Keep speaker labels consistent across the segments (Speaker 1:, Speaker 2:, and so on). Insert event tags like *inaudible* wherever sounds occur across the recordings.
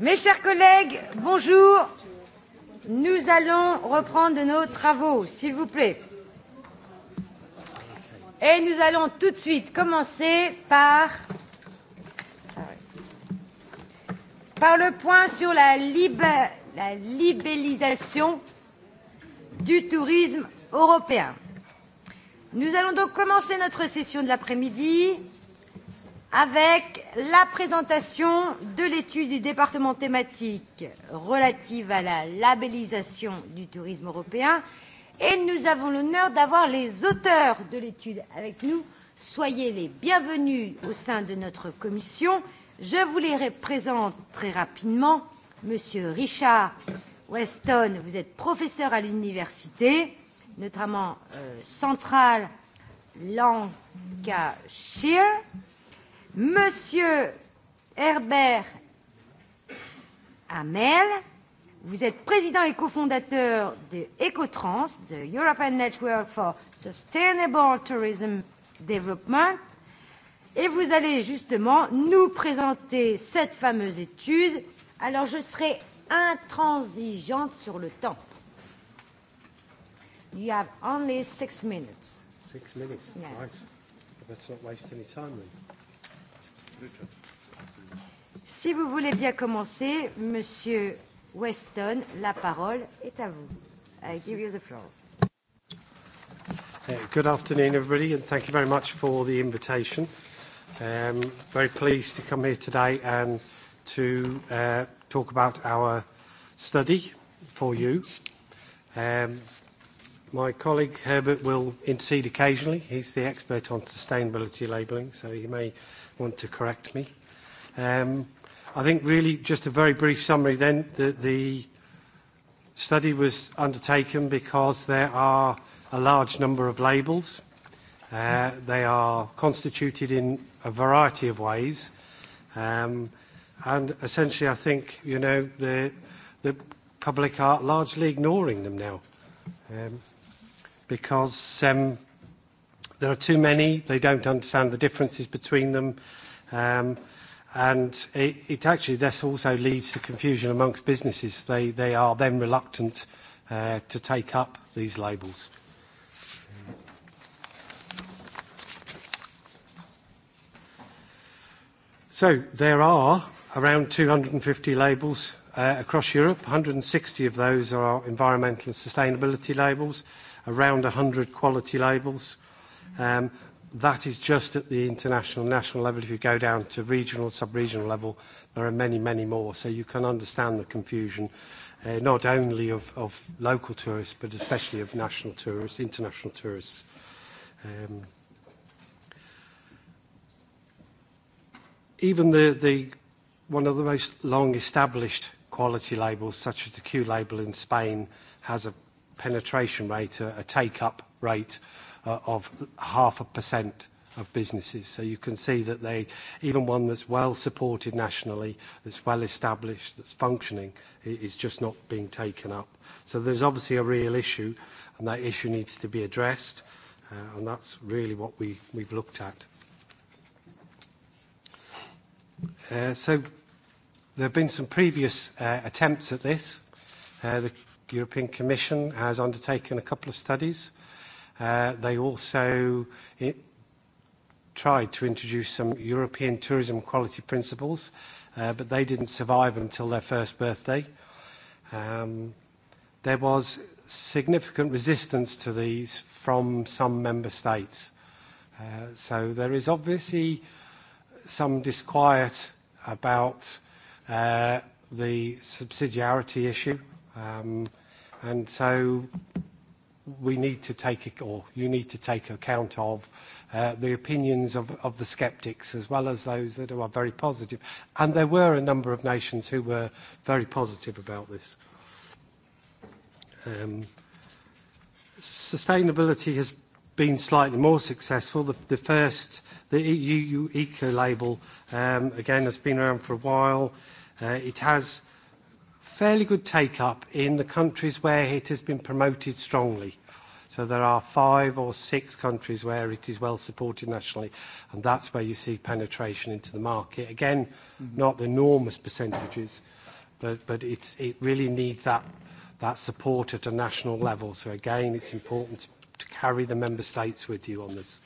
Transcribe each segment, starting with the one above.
Speaker 1: Mes chers collègues, bonjour. Nous allons reprendre nos travaux, s'il vous plaît. Et nous allons tout de suite commencer par, par le point sur la, lib... la libellisation du tourisme européen. Nous allons donc commencer notre session de l'après-midi avec la présentation de l'étude du département thématique relative à la labellisation du tourisme européen et nous avons l'honneur d'avoir les auteurs de l'étude avec nous. Soyez les bienvenus au sein de notre commission. Je vous les présente très rapidement. Monsieur Richard Weston, vous êtes professeur à l'université, notamment euh, centrale Lancashire. Monsieur Herbert Amel, vous êtes président et cofondateur de Ecotrans, de European Network for Sustainable Tourism Development, et vous allez justement nous présenter cette fameuse étude. Alors je serai intransigeante sur le temps. You have only six
Speaker 2: minutes. Six minutes? Right. That's not waste any time then.
Speaker 1: Si vous voulez bien commencer, Monsieur Weston, la parole est à vous. I give you the floor.
Speaker 2: Uh, good afternoon, everybody, and thank you very much for the invitation. Um, very pleased to come here today and to uh, talk about our study for you. Um, my colleague Herbert will intercede occasionally. He's the expert on sustainability labelling, so he may want to correct me. Um, I think really just a very brief summary then. The, the study was undertaken because there are a large number of labels. Uh, they are constituted in a variety of ways. Um, and essentially, I think, you know, the, the public are largely ignoring them now um, because um, There are too many. They don't understand the differences between them. Um, and it, it actually, this also leads to confusion amongst businesses. They, are then reluctant uh, to take up these labels. So there are around 250 labels uh, across Europe. 160 of those are environmental and sustainability labels, around 100 quality labels. Um, that is just at the international, national level. If you go down to regional, sub-regional level, there are many, many more. So you can understand the confusion, uh, not only of, of local tourists, but especially of national tourists, international tourists. Um, even the, the one of the most long-established quality labels, such as the Q label in Spain, has a penetration rate, a take-up rate Uh, of 0.5% of businesses. So you can see that they, even one that's well supported nationally, that's well established, that's functioning, is just not being taken up. So there's obviously a real issue, and that issue needs to be addressed, uh, and that's really what we, we've looked at. Uh, so there have been some previous attempts at this. the European Commission has undertaken a couple of studies Uh, they also tried to introduce some European tourism quality principles, uh, but they didn't survive until their first birthday. Um, there was significant resistance to these from some member states. Uh, so there is obviously some disquiet about the subsidiarity issue. Um, and so we need to take, or you need to take account of uh, the opinions of, of the skeptics as well as those that are very positive. And there were a number of nations who were very positive about this. Um, sustainability has been slightly more successful. The, first, the EU Eco Label, um, again, has been around for a while. Uh, it has fairly good take-up in the countries where it has been promoted strongly. So there are five or six countries where it is well supported nationally, and that's where you see penetration into the market. Again, mm-hmm. not enormous percentages, but, but it's, it really needs that, that support at a national level. So again, it's important to, carry the member states with you on this.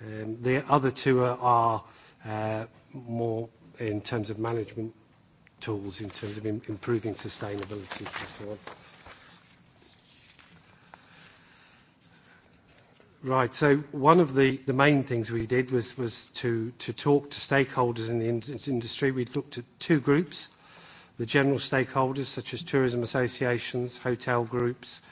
Speaker 2: Um, the other two are, uh, more in terms of management tools, in terms of improving sustainability for so on. Right. So one of the, the main things we did was, was to, to talk to stakeholders in the industry. We looked at two groups, the general stakeholders such as tourism associations, hotel groups,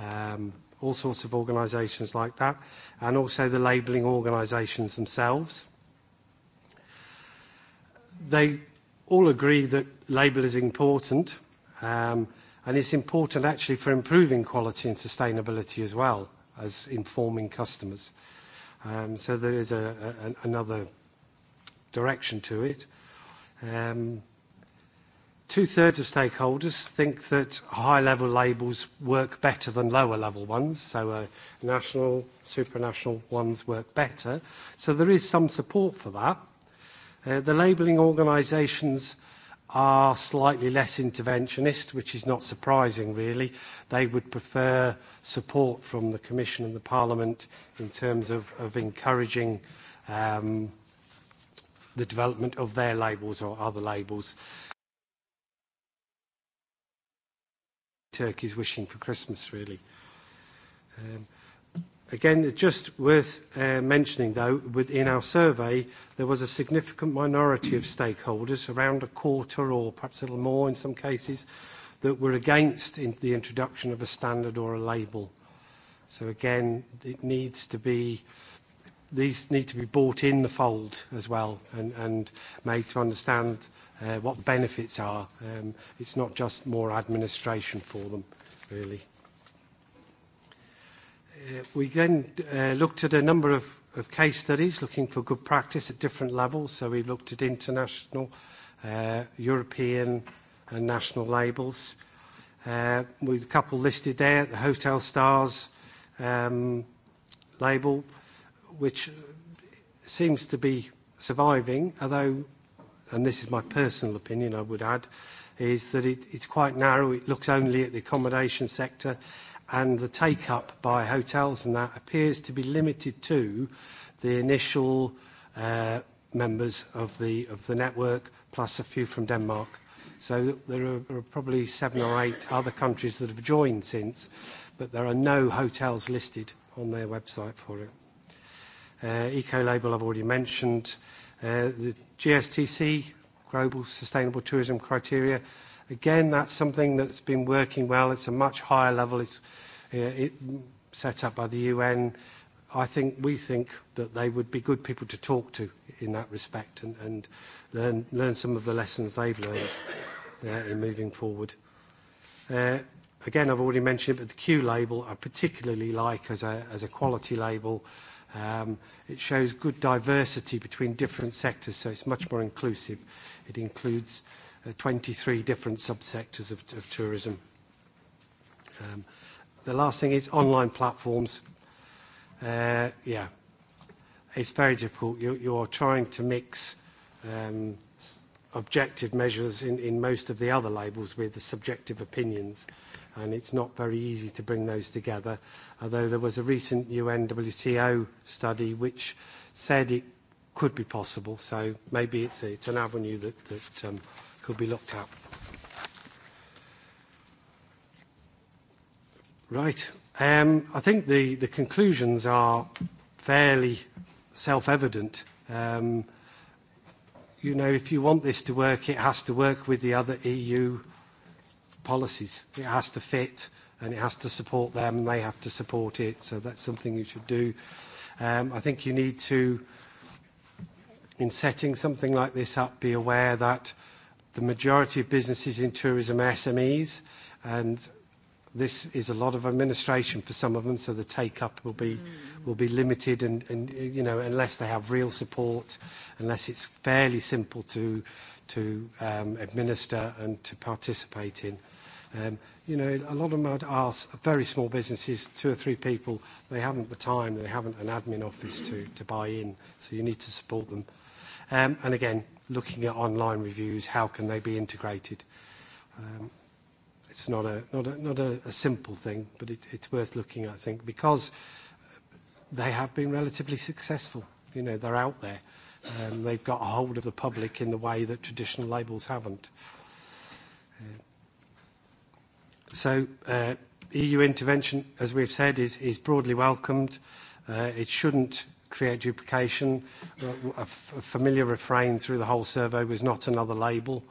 Speaker 2: um, all sorts of organizations like that, and also the labeling organizations themselves. They all agree that label is important, um, and it's important actually for improving quality and sustainability as well as informing customers. Um, so there is another direction to it. Um, two-thirds of stakeholders think that high-level labels work better than lower-level ones, so uh, national, supranational ones work better. So there is some support for that. Uh, the labelling organisations are slightly less interventionist, which is not surprising, really. They would prefer support from the Commission and the Parliament in terms of, of encouraging um, the development of their labels or other labels. Turkey's wishing for Christmas, really. Um, Again, just worth uh, mentioning though, within our survey, there was a significant minority of stakeholders, around a quarter or perhaps a little more in some cases, that were against the introduction of a standard or a label. So again, it needs to be, these need to be brought in the fold as well and, and made to understand uh, what benefits are. Um, it's not just more administration for them, really. Uh, we then uh, looked at a number of, of case studies looking for good practice at different levels. So we looked at international, uh, European and national labels. Uh, with a couple listed there, the Hotel Stars um, label, which seems to be surviving, although, and this is my personal opinion I would add, is that it, it's quite narrow. It looks only at the accommodation sector and the take-up by hotels and that appears to be limited to the initial uh, members of the of the network, plus a few from Denmark. So there are, probably seven or eight other countries that have joined since, but there are no hotels listed on their website for it. Uh, Ecolabel Eco label I've already mentioned. Uh, the GSTC, Global Sustainable Tourism Criteria, Again, that's something that's been working well. It's a much higher level. It's uh, it, set up by the UN. I think we think that they would be good people to talk to in that respect and, and learn, learn some of the lessons they've learned uh, in moving forward. Uh, again, I've already mentioned it, but the Q label I particularly like as a, as a quality label. Um, it shows good diversity between different sectors, so it's much more inclusive. It includes 23 uh, different subsectors of, of tourism. Um, the last thing is online platforms. Uh, yeah, it's very difficult. You, you're trying to mix um, objective measures in, in most of the other labels with the subjective opinions, and it's not very easy to bring those together. Although there was a recent UNWTO study which said it could be possible, so maybe it's, it's an avenue that, that um, could be looked at. Right. Um, I think the, the conclusions are fairly self-evident. Um, you know, if you want this to work, it has to work with the other EU policies. It has to fit and it has to support them and they have to support it. So that's something you should do. Um, I think you need to, in setting something like this up, be aware that the majority of businesses in tourism are SMEs, and this is a lot of administration for some of them, so the take-up will be mm. will be limited and, and, you know, unless they have real support, unless it's fairly simple to to um, administer and to participate in. Um, you know, a lot of them are, are very small businesses, two or three people. They haven't the time, they haven't an admin office to, to buy in, so you need to support them. Um, and again, looking at online reviews, how can they be integrated? Um, it's not a not a, not a, simple thing, but it, it's worth looking at, I think, because they have been relatively successful. You know, they're out there. Um, they've got a hold of the public in the way that traditional labels haven't. Uh, so uh, EU intervention, as we've said, is, is broadly welcomed. Uh, it shouldn't create duplication. Uh, a familiar refrain through the whole survey was not another label.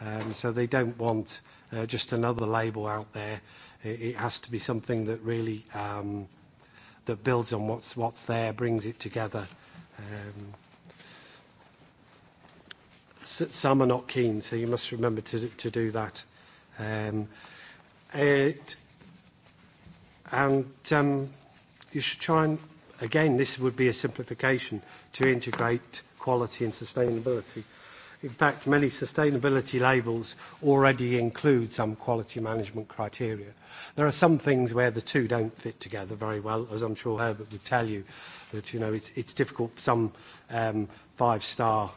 Speaker 2: Um, so they don't want uh, just another label out there. It, has to be something that really um, that builds on what's what's there, brings it together. Um, some are not keen, so you must remember to do that. and you should try and Again, this would be a simplification to integrate quality and sustainability. In fact, many sustainability labels already include some quality management criteria. There are some things where the two don't fit together very well, as I'm sure Herbert would tell you, that, you know, it's, it's difficult for some um, five-star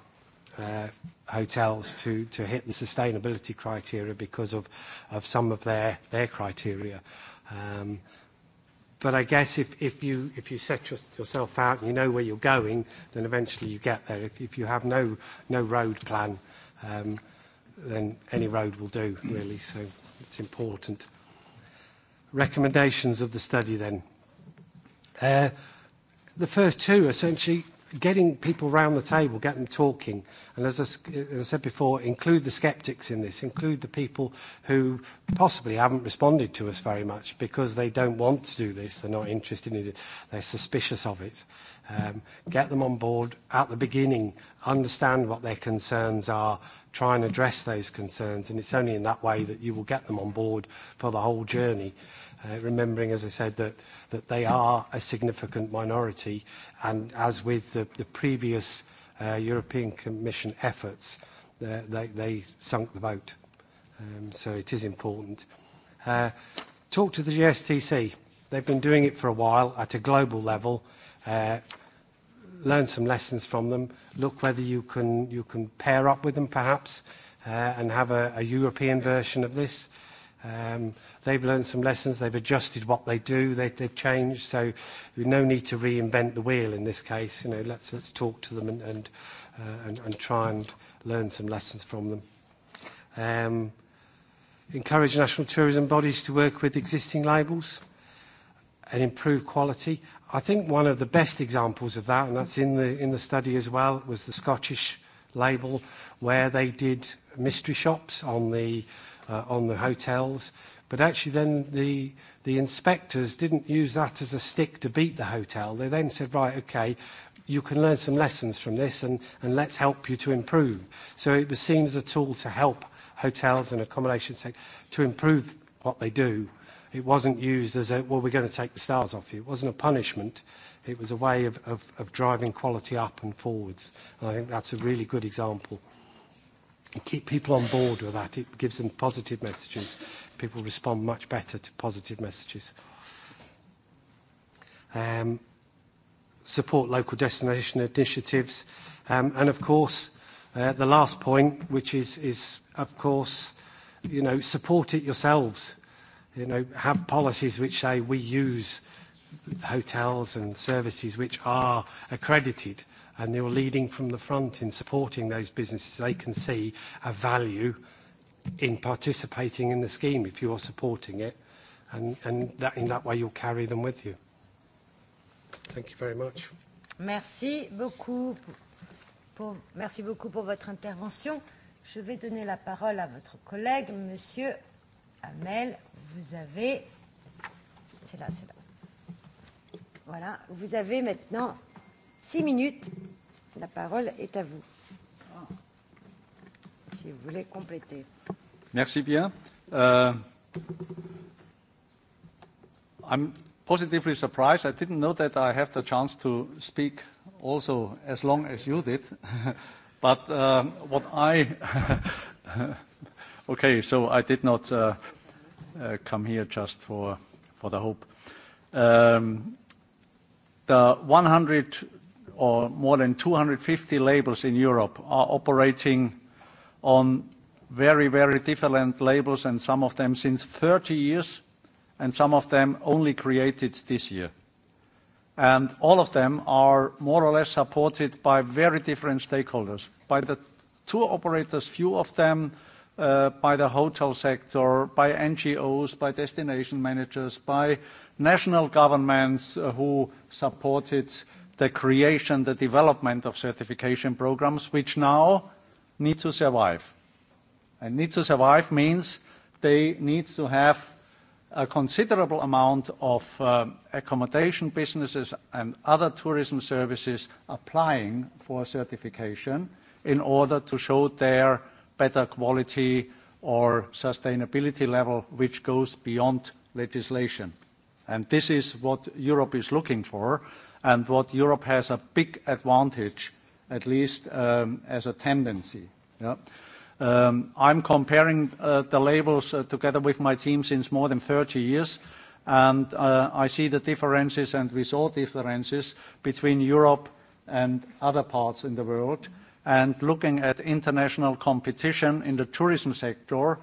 Speaker 2: uh, hotels to, to hit the sustainability criteria because of, of some of their, their criteria. Um, But I guess if, if, you, if you set yourself out and you know where you're going, then eventually you get there. If, if you have no, no road plan, um, then any road will do, really. So it's important. Recommendations of the study then. Uh, the first two, essentially, getting people round the table, get them talking. And as I, said before, include the skeptics in this, include the people who possibly haven't responded to us very much because they don't want to do this, they're not interested in it, they're suspicious of it. Um, get them on board at the beginning, understand what their concerns are, try and address those concerns, and it's only in that way that you will get them on board for the whole journey. Uh, remembering, as I said, that, that they are a significant minority. And as with the, the previous uh, European Commission efforts, uh, they, they sunk the boat. Um, so it is important. Uh, talk to the GSTC. They've been doing it for a while at a global level. Uh, learn some lessons from them. Look whether you can, you can pair up with them perhaps uh, and have a, a European version of this. Um, they've learned some lessons, they've adjusted what they do, they, they've changed, so no need to reinvent the wheel in this case. You know, let's, let's talk to them uh, and, try and learn some lessons from them. Um, encourage national tourism bodies to work with existing labels and improve quality. I think one of the best examples of that, and that's in the, in the study as well, was the Scottish label, where they did mystery shops on the Uh, on the hotels. But actually, then the, the inspectors didn't use that as a stick to beat the hotel. They then said, right, okay, you can learn some lessons from this and, and let's help you to improve. So it was seen as a tool to help hotels and accommodation sector to improve what they do. It wasn't used as a, well, we're going to take the stars off you. It wasn't a punishment. It was a way of, of, of driving quality up and forwards. And I think that's a really good example keep people on board with that. It gives them positive messages. People respond much better to positive messages. Um, support local destination initiatives. Um, and of course, uh, the last point, which is, is of course, you know, support it yourselves. You know, have policies which say we use hotels and services which are accredited and you're leading from the front in supporting those businesses, they can see a value in participating in the scheme if you are supporting it, and, and that, in that way you'll carry them with you. Thank you very much.
Speaker 1: Merci beaucoup pour, merci beaucoup pour votre intervention. Je vais donner la parole à votre collègue, Monsieur Amel. Vous avez, c'est là, c'est là. Voilà, vous avez maintenant six minutes. La parole est à vous. Si vous voulez compléter.
Speaker 3: Merci bien. Uh, I'm positively surprised. I didn't know that I have the chance to speak also as long as you did. *laughs* But uh, what I... *laughs* okay, so I did not uh, uh, come here just for, for the hope. Um, the 100 or more than 250 labels in Europe are operating on very, very different labels, and some of them since 30 years, and some of them only created this year. And all of them are more or less supported by very different stakeholders. By the tour operators, few of them, uh, by the hotel sector, by NGOs, by destination managers, by national governments uh, who supported the creation, the development of certification programs, which now need to survive. And need to survive means they need to have a considerable amount of uh, accommodation businesses and other tourism services applying for certification in order to show their better quality or sustainability level, which goes beyond legislation. And this is what Europe is looking for and what Europe has a big advantage, at least um, as a tendency. Yeah. Um, I'm comparing uh, the labels uh, together with my team since more than 30 years, and uh, I see the differences, and we saw differences between Europe and other parts in the world. And Looking at international competition in the tourism sector,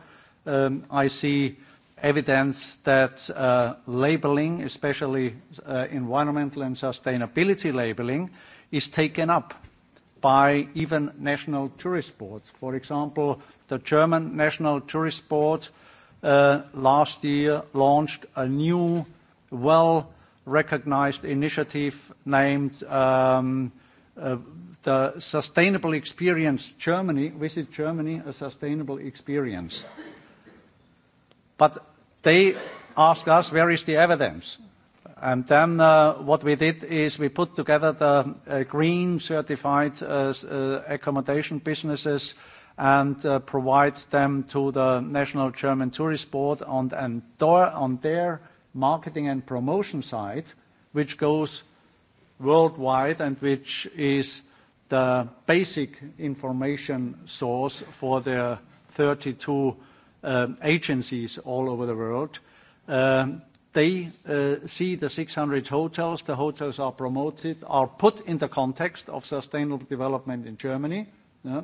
Speaker 3: um, I see evidence that uh, labeling, especially uh, environmental and sustainability labeling, is taken up by even national tourist boards. For example, the German National Tourist Board uh, last year launched a new, well-recognized initiative named um, the Sustainable Experience Germany, Visit Germany, a Sustainable Experience. But they asked us, where is the evidence? And then uh, what we did is we put together the uh, green certified uh, accommodation businesses and provide them to the National German Tourist Board on, on their marketing and promotion site which goes worldwide and which is the basic information source for their 32 Um, agencies all over the world. Um, they uh, see the 600 hotels. The hotels are promoted, are put in the context of sustainable development in Germany, yeah,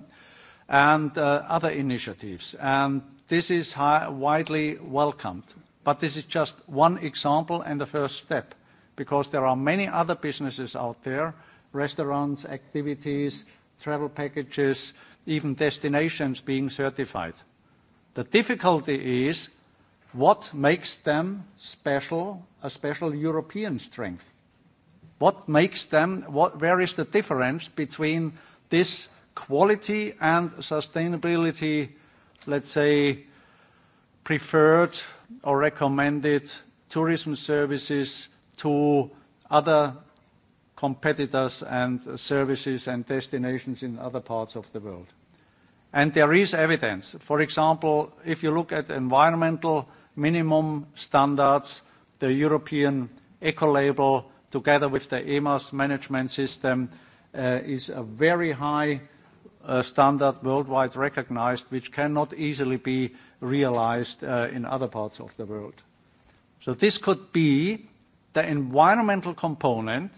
Speaker 3: and uh, other initiatives. And this is widely welcomed. But this is just one example and the first step, because there are many other businesses out there, restaurants, activities, travel packages, even destinations being certified. The difficulty is what makes them special, a special European strength? What makes them, what, where is the difference between this quality and sustainability, let's say, preferred or recommended tourism services to other competitors and services and destinations in other parts of the world? And there is evidence. For example, if you look at environmental minimum standards, the European Ecolabel, together with the EMAS management system, uh, is a very high uh, standard worldwide recognized, which cannot easily be realized uh, in other parts of the world. So this could be the environmental component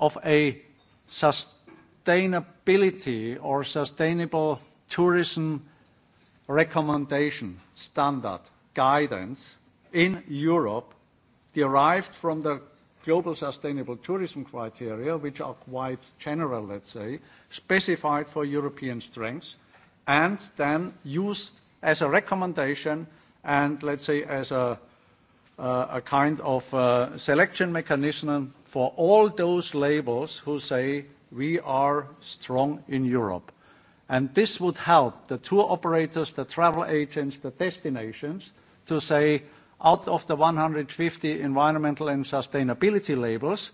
Speaker 3: of a sustainability or sustainable tourism recommendation, standard, guidance in Europe derived from the global sustainable tourism criteria, which are quite general, let's say, specified for European strengths, and then used as a recommendation and, let's say, as a, uh, a kind of uh, selection mechanism for all those labels who say we are strong in Europe. And this would help the tour operators, the travel agents, the destinations to say, out of the 150 environmental and sustainability labels,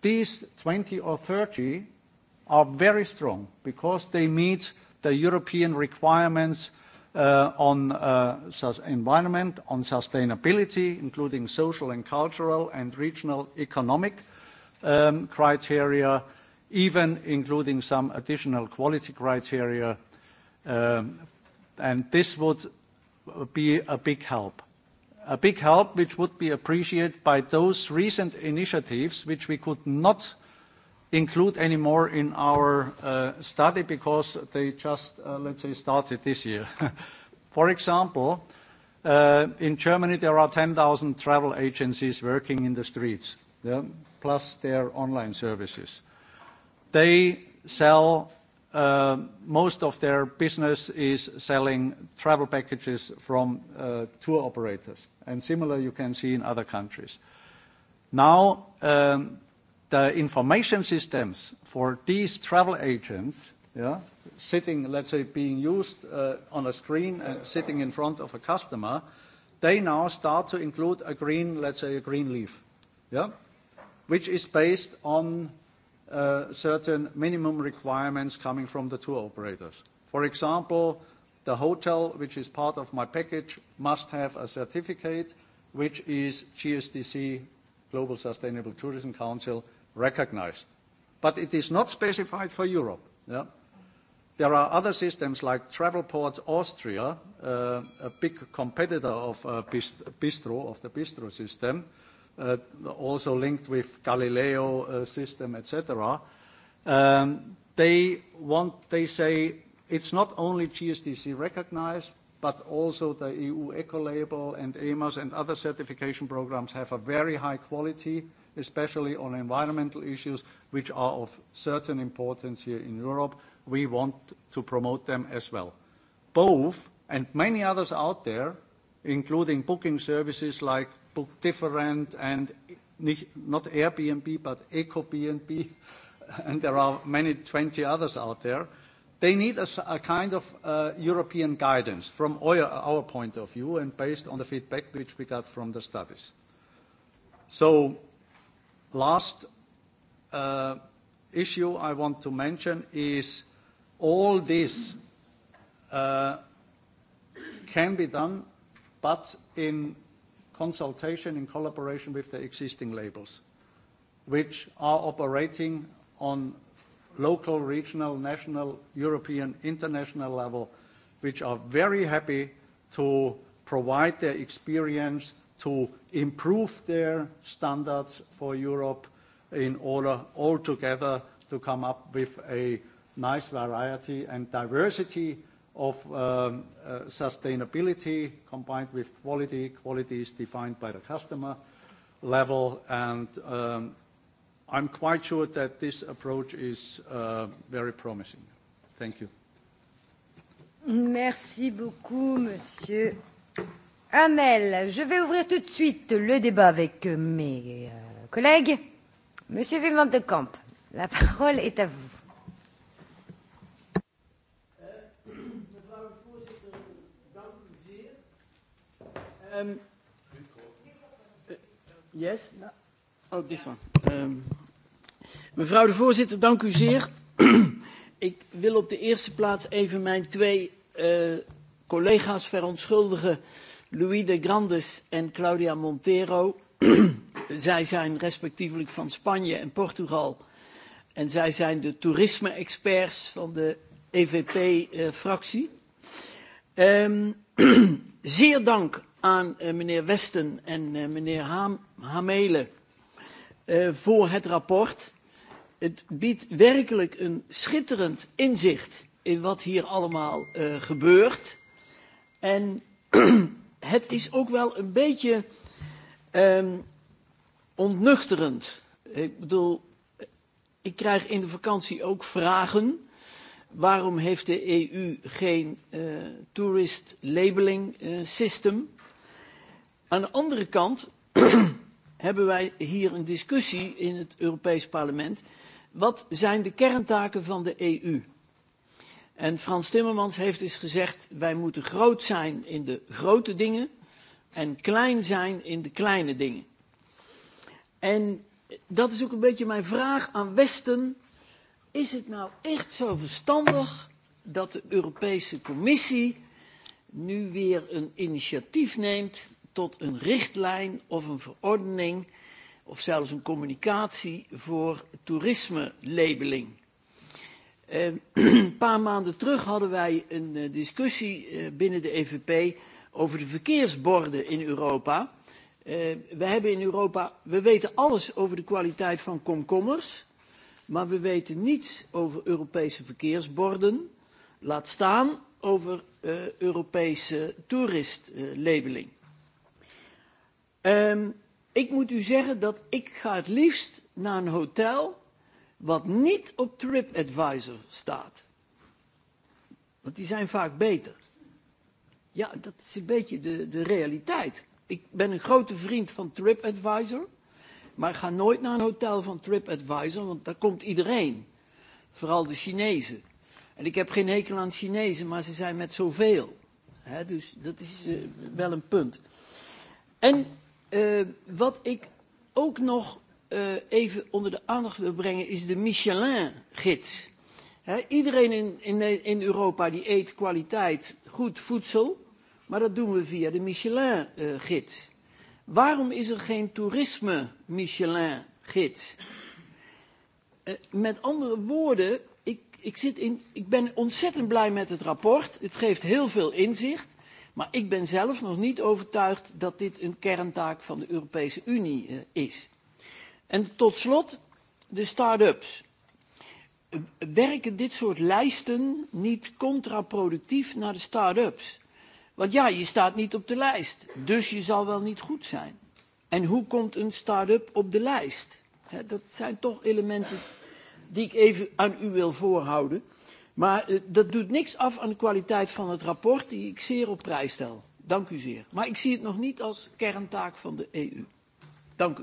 Speaker 3: these 20 or 30 are very strong because they meet the European requirements uh, on uh, environment, on sustainability, including social and cultural and regional economic um, criteria, even including some additional quality criteria. Um, and This would be a big help. A big help which would be appreciated by those recent initiatives which we could not include anymore in our uh, study because they just, uh, let's say, started this year. *laughs* For example, uh, in Germany, there are 10,000 travel agencies working in the streets, yeah? plus their online services. They sell uh, most of their business is selling travel packages from uh, tour operators, and similar you can see in other countries. Now, um, the information systems for these travel agents, yeah, sitting, let's say, being used uh, on a screen and sitting in front of a customer, they now start to include a green, let's say, a green leaf, yeah, which is based on Uh, certain minimum requirements coming from the tour operators. For example, the hotel, which is part of my package, must have a certificate which is GSDC, Global Sustainable Tourism Council, recognized. But it is not specified for Europe. Yeah? There are other systems like Travelport Austria, uh, a big competitor of uh, Bistro, of the Bistro system, Uh, also linked with Galileo uh, system, etc. Um, they want, they say it's not only GSDC recognized, but also the EU Ecolabel and EMAS and other certification programs have a very high quality, especially on environmental issues, which are of certain importance here in Europe. We want to promote them as well. Both, and many others out there, including booking services like different and not Airbnb, but EcoBnB, *laughs* and there are many 20 others out there. They need a, kind of uh, European guidance from our, point of view and based on the feedback which we got from the studies. So last uh, issue I want to mention is all this uh, can be done, but in consultation in collaboration with the existing labels, which are operating on local, regional, national, European, international level, which are very happy to provide their experience to improve their standards for Europe in order altogether to come up with a nice variety and diversity of um, uh, sustainability combined with quality. Quality is defined by the customer level, and um, I'm quite sure that this approach is uh, very promising. Thank you.
Speaker 1: Merci beaucoup, Monsieur Hamel. Je vais ouvrir tout de suite le débat avec euh, mes euh, collègues. Monsieur Wim de Kamp, la parole est à vous.
Speaker 4: Um, uh, yes? Oh, this one. Um, mevrouw de voorzitter, dank u zeer. *clears throat* Ik wil op de eerste plaats even mijn twee uh, collega's verontschuldigen, Louis de Grandes en Claudia Montero. *clears throat* zij zijn respectievelijk van Spanje en Portugal. En zij zijn de toerisme-experts van de EVP-fractie. Uh, um, *clears throat* zeer dank aan eh, meneer Westen en eh, meneer Ham Hamelen eh, voor het rapport. Het biedt werkelijk een schitterend inzicht in wat hier allemaal gebeurt. En *clears throat* het is ook wel een beetje um, ontnuchterend. Ik bedoel, ik krijg in de vakantie ook vragen. Waarom heeft de EU geen uh, tourist labeling uh, system? Aan de andere kant *clears throat* hebben wij hier een discussie in het Europees Parlement. Wat zijn de kerntaken van de EU? En Frans Timmermans heeft eens gezegd, wij moeten groot zijn in de grote dingen en klein zijn in de kleine dingen. En dat is ook een beetje mijn vraag aan Westen. Is het nou echt zo verstandig dat de Europese Commissie nu weer een initiatief neemt tot een richtlijn of een verordening of zelfs een communicatie voor toerisme-labeling. Eh, *clears throat* een paar maanden terug hadden wij een eh, discussie eh, binnen de EVP over de verkeersborden in Europa. We hebben in Europa, we weten alles over de kwaliteit van komkommers, maar we weten niets over Europese verkeersborden, laat staan over Europese toeristlabeling. Um, ik moet u zeggen dat ik ga het liefst naar een hotel wat niet op TripAdvisor staat. Want die zijn vaak beter. Ja, dat is een beetje de, de realiteit. Ik ben een grote vriend van TripAdvisor. Maar ik ga nooit naar een hotel van TripAdvisor, want daar komt iedereen. Vooral de Chinezen. En ik heb geen hekel aan Chinezen, maar ze zijn met zoveel. He, dus dat is eh, wel een punt. En Eh, wat ik ook nog eh, even onder de aandacht wil brengen is de Michelin-gids. Iedereen in, in, in Europa die eet kwaliteit goed voedsel, maar dat doen we via de Michelin-gids. Waarom is er geen toerisme-Michelin-gids? Eh, met andere woorden, ik, ik, zit in, ik ben ontzettend blij met het rapport. Het geeft heel veel inzicht. Maar ik ben zelf nog niet overtuigd dat dit een kerntaak van de Europese Unie eh, is. En tot slot de start-ups. Werken dit soort lijsten niet contraproductief naar de start-ups? Want ja, je staat niet op de lijst, dus je zal wel niet goed zijn. En hoe komt een start-up op de lijst? Dat zijn toch elementen die ik even aan u wil voorhouden. Maar uh, dat doet niks af aan de kwaliteit van het rapport, die ik zeer op prijs stel. Dank u zeer. Maar ik zie het nog niet als kerntaak van de EU. Dank u.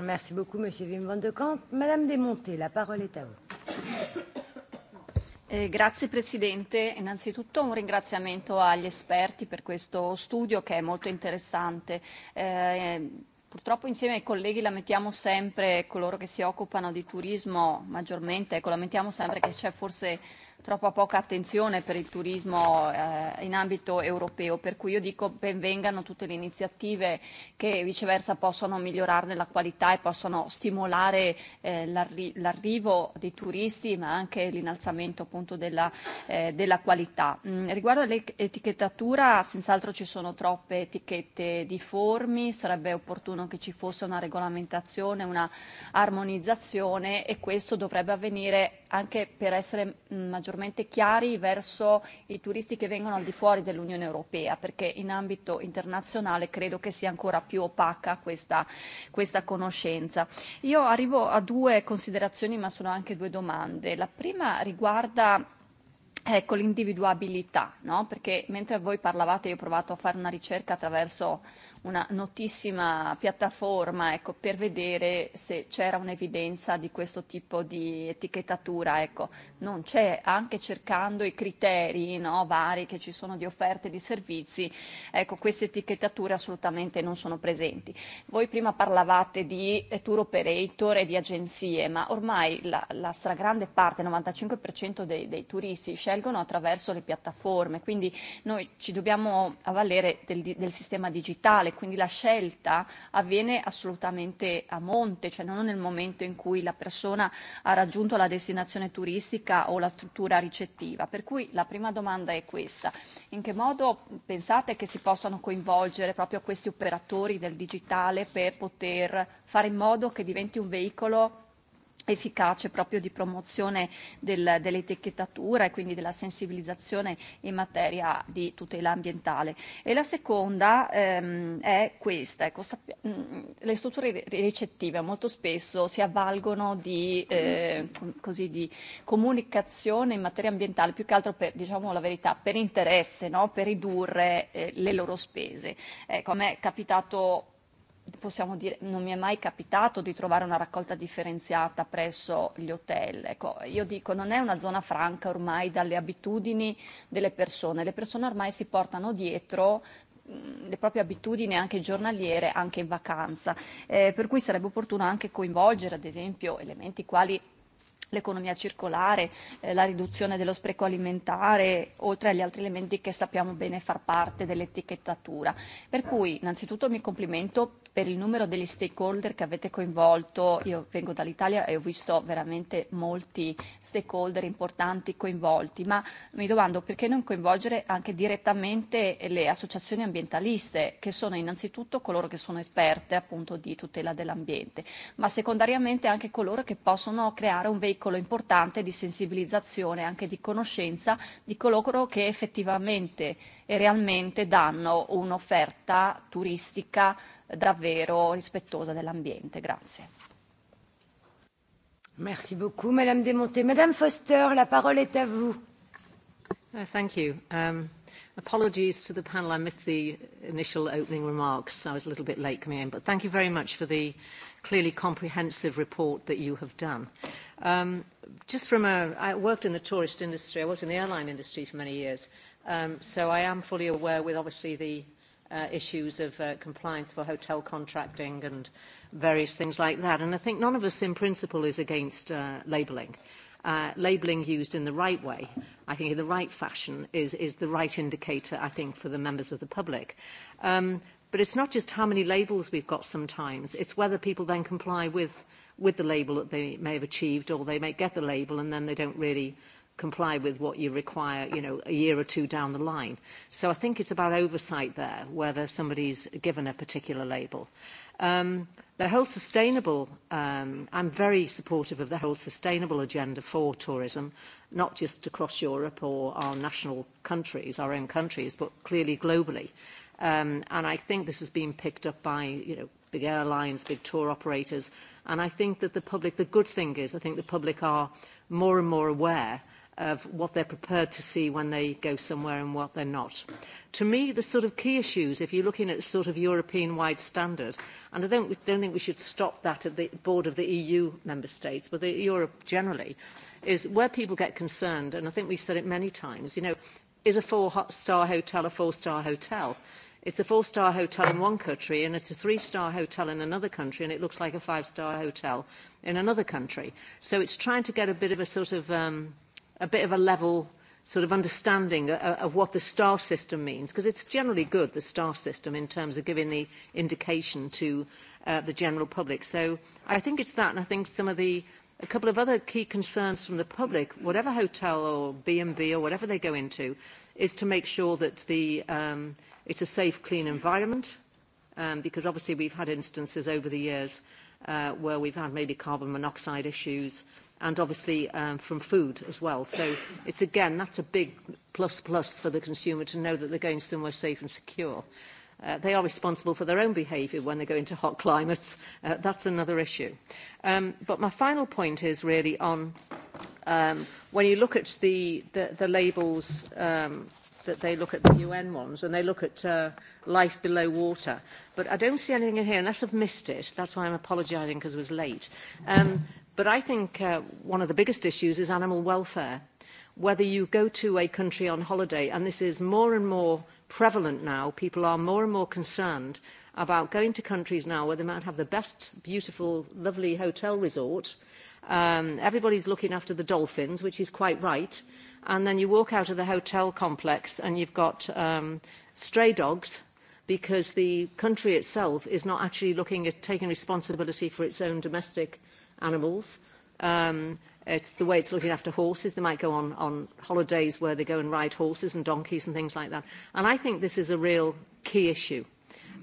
Speaker 4: Merci
Speaker 5: beaucoup, monsieur Wim van de Kamp. Madame Desmonté, la
Speaker 1: parole est à vous.
Speaker 5: Eh, grazie Presidente, innanzitutto un ringraziamento agli esperti per questo studio che è molto interessante. Eh, Purtroppo insieme ai colleghi lamentiamo sempre coloro che si occupano di turismo maggiormente, ecco, lamentiamo sempre che c'è forse troppa poca attenzione per il turismo eh, in ambito europeo, per cui io dico benvengano tutte le iniziative che viceversa possono migliorarne la qualità e possono stimolare eh, l'arrivo dei turisti, ma anche l'innalzamento appunto della, eh, della qualità. Mm, riguardo all'etichettatura, senz'altro ci sono troppe etichette di formi, sarebbe opportuno che ci fosse una regolamentazione, una armonizzazione e questo dovrebbe avvenire anche per essere mm, maggiormente maggiormente chiari verso i turisti che vengono al di fuori dell'Unione Europea, perché in ambito internazionale credo che sia ancora più opaca questa, questa conoscenza. Io arrivo a due considerazioni, ma sono anche due domande. La prima riguarda Ecco l'individuabilità, no? Perché mentre voi parlavate io ho provato a fare una ricerca attraverso una notissima piattaforma ecco, per vedere se c'era un'evidenza di questo tipo di etichettatura. Ecco, non c'è, anche cercando i criteri no, vari che ci sono di offerte di servizi, ecco, queste etichettature assolutamente non sono presenti. Voi prima parlavate di tour operator e di agenzie, ma ormai la, la stragrande parte, il 95% dei, dei turisti, scelgono attraverso le piattaforme, quindi noi ci dobbiamo avvalere del, del sistema digitale quindi la scelta avviene assolutamente a monte, cioè non nel momento in cui la persona ha raggiunto la destinazione turistica o la struttura ricettiva. Per cui la prima domanda è questa: in che modo pensate che si possano coinvolgere proprio questi operatori del digitale per poter fare in modo che diventi un veicolo efficace proprio di promozione del, dell'etichettatura e quindi della sensibilizzazione in materia di tutela ambientale. E la seconda ehm, è questa, ecco, mm, mm, le strutture ricettive molto spesso si avvalgono di, eh, così, di comunicazione in materia ambientale, più che altro per, diciamo la verità, per interesse, no? per ridurre eh, le loro spese. Ecco, a me è capitato possiamo dire, non mi è mai capitato di trovare una raccolta differenziata presso gli hotel. Ecco, io dico, non è una zona franca ormai dalle abitudini delle persone, le persone ormai si portano dietro mm, le proprie abitudini anche giornaliere anche in vacanza, eh, per cui sarebbe opportuno anche coinvolgere ad esempio elementi quali l'economia circolare, eh, la riduzione dello spreco alimentare, oltre agli altri elementi che sappiamo bene far parte dell'etichettatura. Per cui innanzitutto mi complimento per il numero degli stakeholder che avete coinvolto. Io vengo dall'Italia e ho visto veramente molti stakeholder importanti coinvolti, ma mi domando perché non coinvolgere anche direttamente le associazioni ambientaliste, che sono innanzitutto coloro che sono esperte appunto di tutela dell'ambiente, ma secondariamente anche coloro che possono creare un veicolo importante di sensibilizzazione, anche di conoscenza di coloro che effettivamente e realmente danno un'offerta turistica davvero rispettosa dell'ambiente. Grazie.
Speaker 1: Merci beaucoup, Madame Desmonté. Madame Foster, la parole est à vous.
Speaker 6: Uh, thank you. Um, apologies to the panel. I missed the initial opening remarks. I was a little bit late coming in, but thank you very much for the clearly comprehensive report that you have done. Um, just from a, I worked in the tourist industry, I worked in the airline industry for many years, Um, so I am fully aware with obviously the uh, issues of uh, compliance for hotel contracting and various things like that. And I think none of us in principle is against uh, labelling. Uh, labelling used in the right way, I think in the right fashion, is, is the right indicator, I think, for the members of the public. Um, but it's not just how many labels we've got sometimes, it's whether people then comply with, with the label that they may have achieved or they may get the label and then they don't really comply with what you require, you know, a year or two down the line. So I think it's about oversight there, whether somebody's given a particular label. Um, the whole sustainable, um, I'm very supportive of the whole sustainable agenda for tourism, not just across Europe or our national countries, our own countries, but clearly globally. Um, and I think this has been picked up by, you know, big airlines, big tour operators. And I think that the public, the good thing is, I think the public are more and more aware of what they're prepared to see when they go somewhere and what they're not. To me, the sort of key issues, if you're looking at a sort of European-wide standard, and I don't, don't think we should stop that at the board of the EU member states, but the Europe generally, is where people get concerned, and I think we've said it many times, you know, is a four-star hotel a four-star hotel? It's a four-star hotel in one country and it's a three-star hotel in another country and it looks like a five-star hotel in another country. So it's trying to get a bit of a sort of um, a bit of a level sort of understanding of what the star system means, because it's generally good, the star system, in terms of giving the indication to uh, the general public. So I think it's that, and I think some of the, a couple of other key concerns from the public, whatever hotel or B&B or whatever they go into, is to make sure that the, um, it's a safe, clean environment, um, because obviously we've had instances over the years uh, where we've had maybe carbon monoxide issues, and obviously um, from food as well. So it's again, that's a big plus plus for the consumer to know that they're going somewhere safe and secure. Uh, they are responsible for their own behaviour when they go into hot climates. Uh, that's another issue. Um, but my final point is really on um, when you look at the, the, the labels um, that they look at the UN ones and they look at uh, life below water. But I don't see anything in here, unless I've missed it. That's why I'm apologising because it was late. Um, But I think uh, one of the biggest issues is animal welfare. Whether you go to a country on holiday, and this is more and more prevalent now, people are more and more concerned about going to countries now where they might have the best, beautiful, lovely hotel resort. Um, everybody's looking after the dolphins, which is quite right. And then you walk out of the hotel complex and you've got um, stray dogs because the country itself is not actually looking at taking responsibility for its own domestic animals. Um, it's the way it's looking after horses. They might go on, on holidays where they go and ride horses and donkeys and things like that. And I think this is a real key issue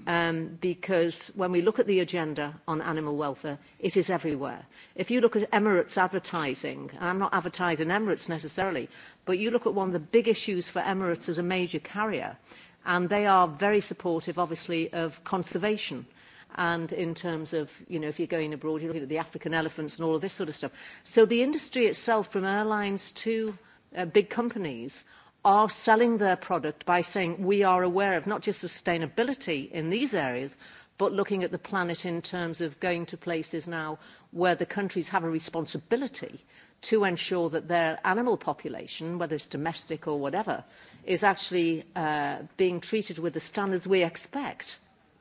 Speaker 6: um, because when we look at the agenda on animal welfare, it is everywhere. If you look at Emirates advertising, and I'm not advertising Emirates necessarily, but you look at one of the big issues for Emirates as a major carrier, and they are very supportive, obviously, of conservation and in terms of, you know, if you're going abroad, you're looking at the African elephants and all of this sort of stuff. So the industry itself, from airlines to uh, big companies, are selling their product by saying we are aware of not just sustainability in these areas, but looking at the planet in terms of going to places now where the countries have a responsibility to ensure that their animal population, whether it's domestic or whatever, is actually uh, being treated with the standards we expect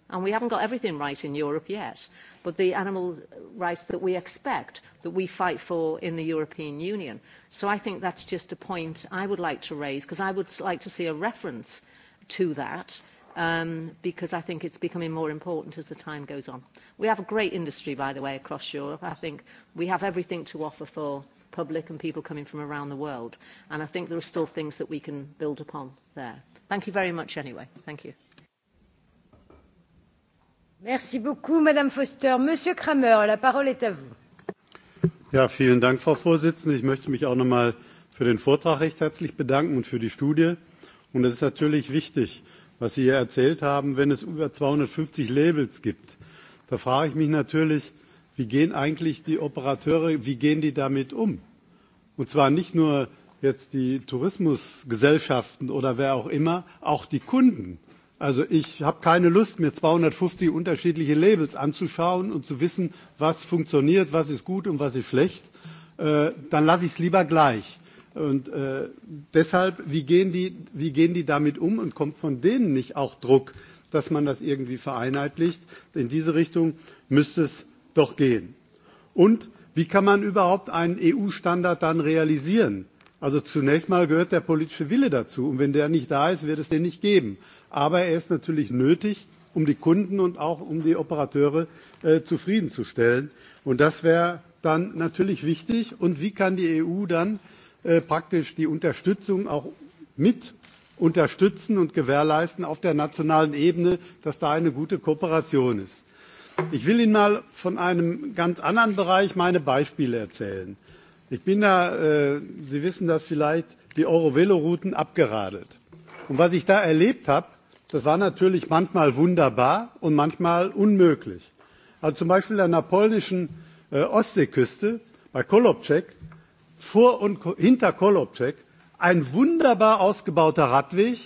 Speaker 6: And we haven't got everything right in Europe yet, but the animal rights that we expect, that we fight for in the European Union. So I think that's just a point I would like to raise, because I would like to see a reference to that, um, because I think it's becoming more important as the time goes on. We have a great industry, by the way, across Europe. I think we have everything to offer for public and people coming from around the world. And I think there are still things that we can build upon there. Thank you very much anyway. Thank you.
Speaker 1: Merci beaucoup, Madame Foster. Monsieur Kramer, la parole est à vous.
Speaker 7: Ja, vielen Dank, Frau Vorsitzende. Ich möchte mich auch noch nochmal für den Vortrag recht herzlich bedanken und für die Studie. Und es ist natürlich wichtig, was Sie hier erzählt haben, wenn es über 250 Labels gibt. Da frage ich mich natürlich, wie gehen eigentlich die Operateure, wie gehen die damit um? Und zwar nicht nur jetzt die Tourismusgesellschaften oder wer auch immer, auch die Kunden Also ich habe keine Lust, mir 250 unterschiedliche Labels anzuschauen und zu wissen, was funktioniert, was ist gut und was ist schlecht. Äh, dann lasse ich es lieber gleich. Und äh, deshalb, wie gehen, die, wie gehen die damit um und kommt von denen nicht auch Druck, dass man das irgendwie vereinheitlicht? In diese Richtung müsste es doch gehen. Und wie kann man überhaupt einen EU-Standard dann realisieren? Also zunächst mal gehört der politische Wille dazu. Und wenn der nicht da ist, wird es den nicht geben. Aber er ist natürlich nötig, um die Kunden und auch um die Operateure äh, zufriedenzustellen. Und das wäre dann natürlich wichtig. Und wie kann die EU dann äh, praktisch die Unterstützung auch mit unterstützen und gewährleisten auf der nationalen Ebene, dass da eine gute Kooperation ist? Ich will Ihnen mal von einem ganz anderen Bereich meine Beispiele erzählen. Ich bin da, äh, Sie wissen das vielleicht, die Eurovelo-Routen abgeradelt. Und was ich da erlebt habe, Das war natürlich manchmal wunderbar und manchmal unmöglich. Also zum Beispiel an der polnischen äh, Ostseeküste bei Kolobczek, vor und hinter Kolobczek, ein wunderbar ausgebauter Radweg,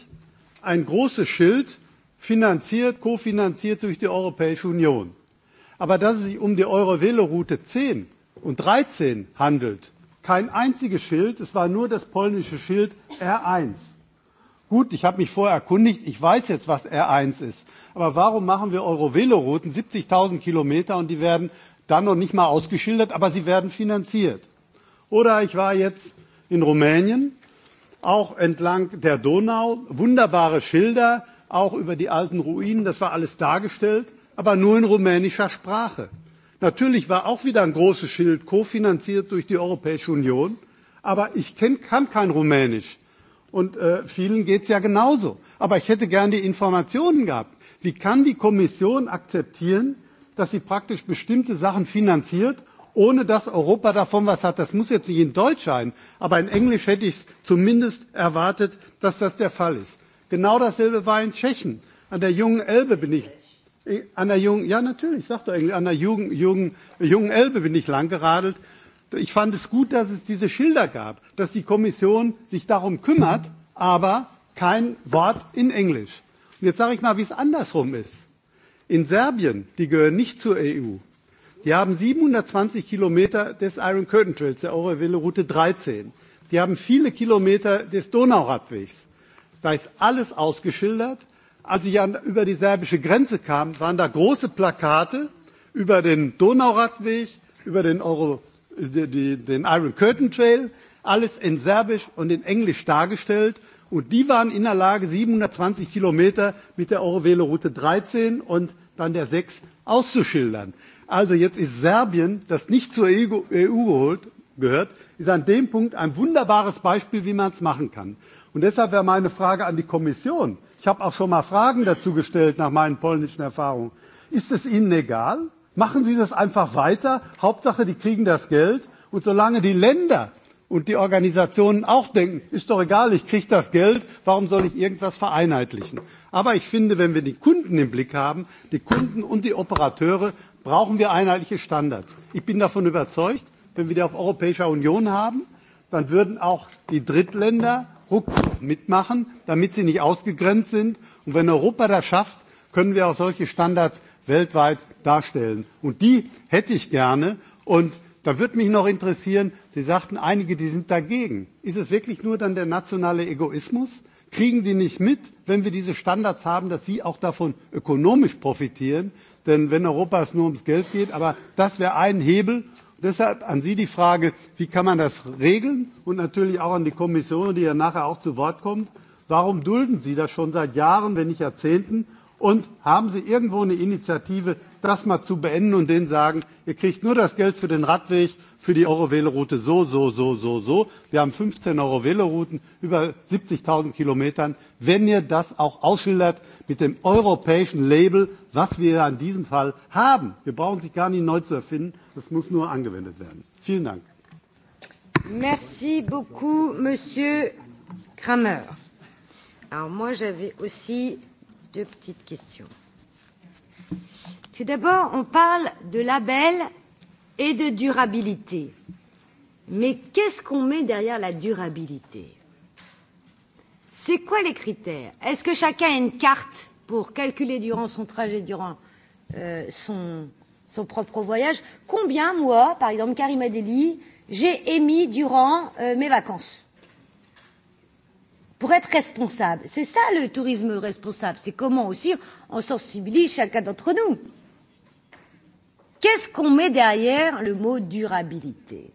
Speaker 7: ein großes Schild, finanziert, kofinanziert durch die Europäische Union. Aber dass es sich um die Eurovelo-Route 10 und 13 handelt, kein einziges Schild, es war nur das polnische Schild R1. Gut, ich habe mich vorher erkundigt, ich weiß jetzt, was R1 ist. Aber warum machen wir Eurovelo-Routen, 70.000 Kilometer, und die werden dann noch nicht mal ausgeschildert, aber sie werden finanziert? Oder ich war jetzt in Rumänien, auch entlang der Donau, wunderbare Schilder, auch über die alten Ruinen, das war alles dargestellt, aber nur in rumänischer Sprache. Natürlich war auch wieder ein großes Schild kofinanziert durch die Europäische Union, aber ich kenne kann kein Rumänisch. Und äh, vielen geht es ja genauso. Aber ich hätte gerne die Informationen gehabt. Wie kann die Kommission akzeptieren, dass sie praktisch bestimmte Sachen finanziert, ohne dass Europa davon was hat? Das muss jetzt nicht in Deutsch sein, aber in Englisch hätte ich es zumindest erwartet, dass das der Fall ist. Genau dasselbe war in Tschechien. An der jungen Elbe bin ich an der jungen, ja natürlich, sag doch an der jungen, jungen, jungen Elbe bin ich lang geradelt ich fand es gut, dass es diese Schilder gab, dass die Kommission sich darum kümmert, aber kein Wort in Englisch. Und jetzt sage ich mal, wie es andersrum ist. In Serbien, die gehören nicht zur EU, die haben 720 Kilometer des Iron Curtain Trails, der Eurovelo Route 13. Die haben viele Kilometer des Donauradwegs. Da ist alles ausgeschildert. Als ich an, über die serbische Grenze kam, waren da große Plakate über den Donauradweg, über den Euro die, den Iron Curtain Trail, alles in Serbisch und in Englisch dargestellt. Und die waren in der Lage, 720 Kilometer mit der Eurovelo-Route 13 und dann der 6 auszuschildern. Also jetzt ist Serbien, das nicht zur EU e geholt, gehört, ist an dem Punkt ein wunderbares Beispiel, wie man es machen kann. Und deshalb wäre meine Frage an die Kommission. Ich habe auch schon mal Fragen dazu gestellt nach meinen polnischen Erfahrungen. Ist es Ihnen egal? Machen Sie das einfach weiter. Hauptsache, die kriegen das Geld. Und solange die Länder und die Organisationen auch denken, ist doch egal, ich kriege das Geld, warum soll ich irgendwas vereinheitlichen? Aber ich finde, wenn wir die Kunden im Blick haben, die Kunden und die Operateure, brauchen wir einheitliche Standards. Ich bin davon überzeugt, wenn wir die auf europäischer Union haben, dann würden auch die Drittländer ruckzuck mitmachen, damit sie nicht ausgegrenzt sind. Und wenn Europa das schafft, können wir auch solche Standards weltweit darstellen. Und die hätte ich gerne. Und da würde mich noch interessieren, Sie sagten, einige, die sind dagegen. Ist es wirklich nur dann der nationale Egoismus? Kriegen die nicht mit, wenn wir diese Standards haben, dass sie auch davon ökonomisch profitieren? Denn wenn Europa es nur ums Geld geht, aber das wäre ein Hebel. Deshalb an Sie die Frage, wie kann man das regeln? Und natürlich auch an die Kommission, die ja nachher auch zu Wort kommt. Warum dulden Sie das schon seit Jahren, wenn nicht Jahrzehnten? Und haben Sie irgendwo eine Initiative, das mal zu beenden und denen sagen, ihr kriegt nur das Geld für den Radweg, für die Eurovelo-Route so, so, so, so, so. Wir haben 15 Eurovelo-Routen, über 70.000 Kilometern. Wenn ihr das auch ausschildert mit dem europäischen Label, was wir in diesem Fall haben. Wir brauchen sich gar nicht neu zu erfinden. Das muss nur angewendet werden. Vielen Dank.
Speaker 1: Merci beaucoup, Monsieur Kramer. Alors moi, j'avais aussi deux petites questions. C'est d'abord, on parle de label et de durabilité. Mais qu'est-ce qu'on met derrière la durabilité C'est quoi les critères Est-ce que chacun a une carte pour calculer durant son trajet, durant euh, son, son propre voyage Combien, moi, par exemple, Karim Adeli, j'ai émis durant euh, mes vacances pour être responsable. C'est ça le tourisme responsable. C'est comment aussi on sensibilise chacun d'entre nous Qu'est-ce qu'on met derrière le mot durabilité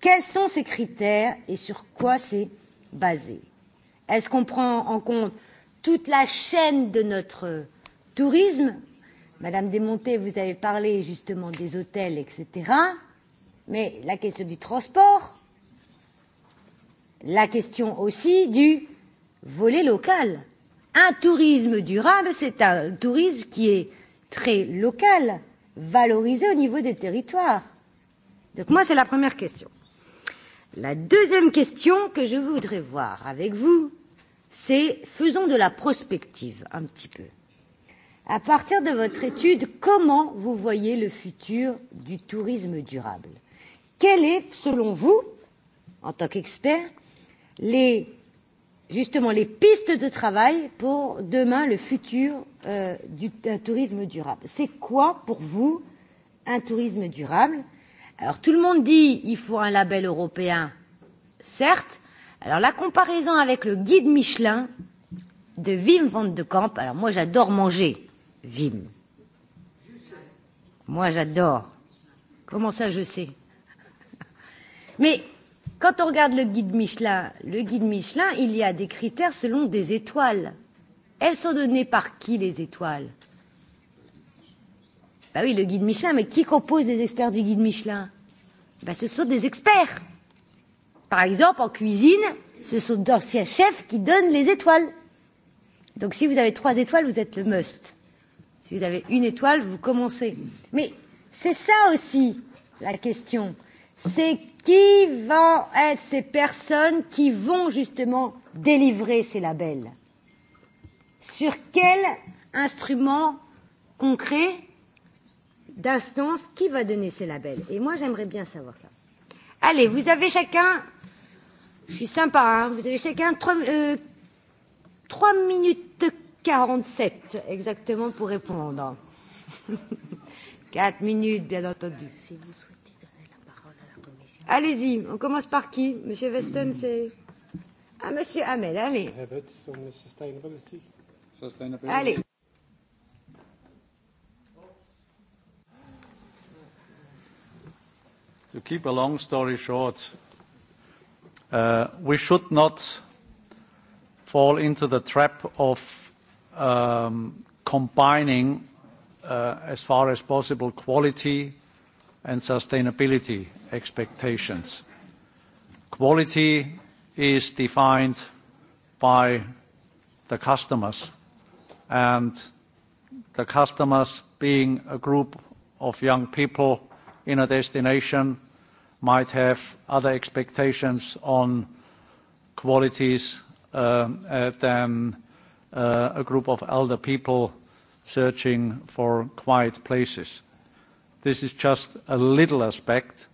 Speaker 1: Quels sont ces critères et sur quoi c'est basé Est-ce qu'on prend en compte toute la chaîne de notre tourisme Madame Desmontais, vous avez parlé justement des hôtels, etc. Mais la question du transport, la question aussi du volet local. Un tourisme durable, c'est un tourisme qui est très local valorisé au niveau des territoires. Donc moi, c'est la première question. La deuxième question que je voudrais voir avec vous, c'est faisons de la prospective un petit peu. À partir de votre étude, comment vous voyez le futur du tourisme durable Quel est, selon vous, en tant qu'expert, les justement les pistes de travail pour demain le futur euh, du tourisme durable. C'est quoi pour vous un tourisme durable Alors tout le monde dit il faut un label européen, certes. Alors la comparaison avec le guide Michelin de Wim van de Camp Alors moi j'adore manger, vim. Moi j'adore. Comment ça je sais Mais Quand on regarde le guide Michelin, le guide Michelin, il y a des critères selon des étoiles. Elles sont données par qui les étoiles Ben oui, le guide Michelin, mais qui compose les experts du guide Michelin Bah ce sont des experts. Par exemple, en cuisine, ce sont d'anciens chefs qui donnent les étoiles. Donc si vous avez trois étoiles, vous êtes le must. Si vous avez une étoile, vous commencez. Mais c'est ça aussi la question. C'est qui vont être ces personnes qui vont justement délivrer ces labels Sur quel instrument concret d'instance qui va donner ces labels Et moi, j'aimerais bien savoir ça. Allez, vous avez chacun, je suis sympa, hein, vous avez chacun 3, euh, 3 minutes 47 exactement pour répondre. 4 *laughs* minutes, bien entendu. Si vous Allez-y, on commence par qui Monsieur Weston, c'est...
Speaker 2: Ah, Monsieur Hamel, allez. Allez.
Speaker 3: To keep a long story short, uh, we should not fall into the trap of um, combining, uh, as far as possible, quality and sustainability expectations. Quality is defined by the customers, and the customers being a group of young people in a destination might have other expectations on qualities um, uh, than uh, a group of elder people searching for quiet places. This is just a little aspect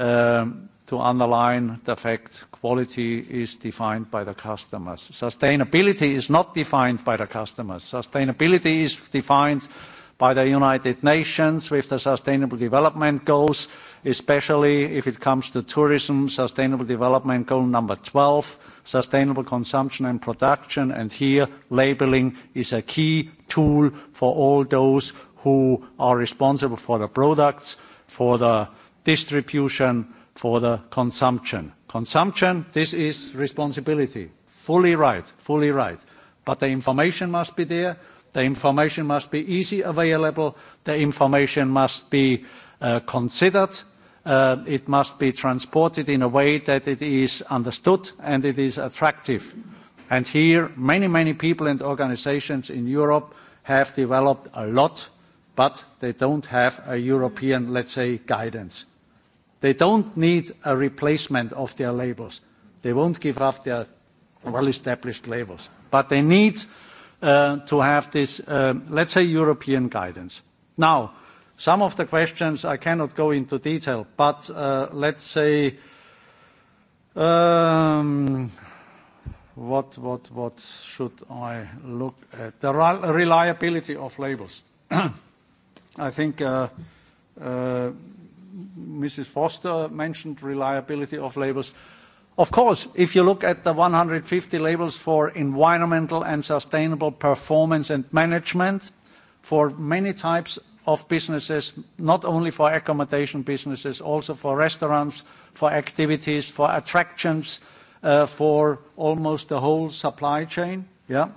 Speaker 3: Um, to underline the fact quality is defined by the customers. Sustainability is not defined by the customers. Sustainability is defined by the United Nations with the Sustainable Development Goals, especially if it comes to tourism, Sustainable Development Goal number 12, sustainable consumption and production, and here labeling is a key tool for all those who are responsible for the products, for the distribution for the consumption. Consumption, this is responsibility. Fully right, fully right. But the information must be there, the information must be easy available, the information must be uh, considered, uh, it must be transported in a way that it is understood and it is attractive. And here, many, many people and organizations in Europe have developed a lot, but they don't have a European, let's say, guidance. They don't need a replacement of their labels. They won't give up their well-established labels. But they need uh, to have this, um, let's say, European guidance. Now, some of the questions I cannot go into detail, but uh, let's say, um, what, should I look at? The reliability of labels. *clears throat* I think uh, uh Mrs. Foster mentioned reliability of labels. Of course, if you look at the 150 labels for environmental and sustainable performance and management, for many types of businesses, not only for accommodation businesses, also for restaurants, for activities, for attractions, uh, for almost the whole supply chain. Yeah.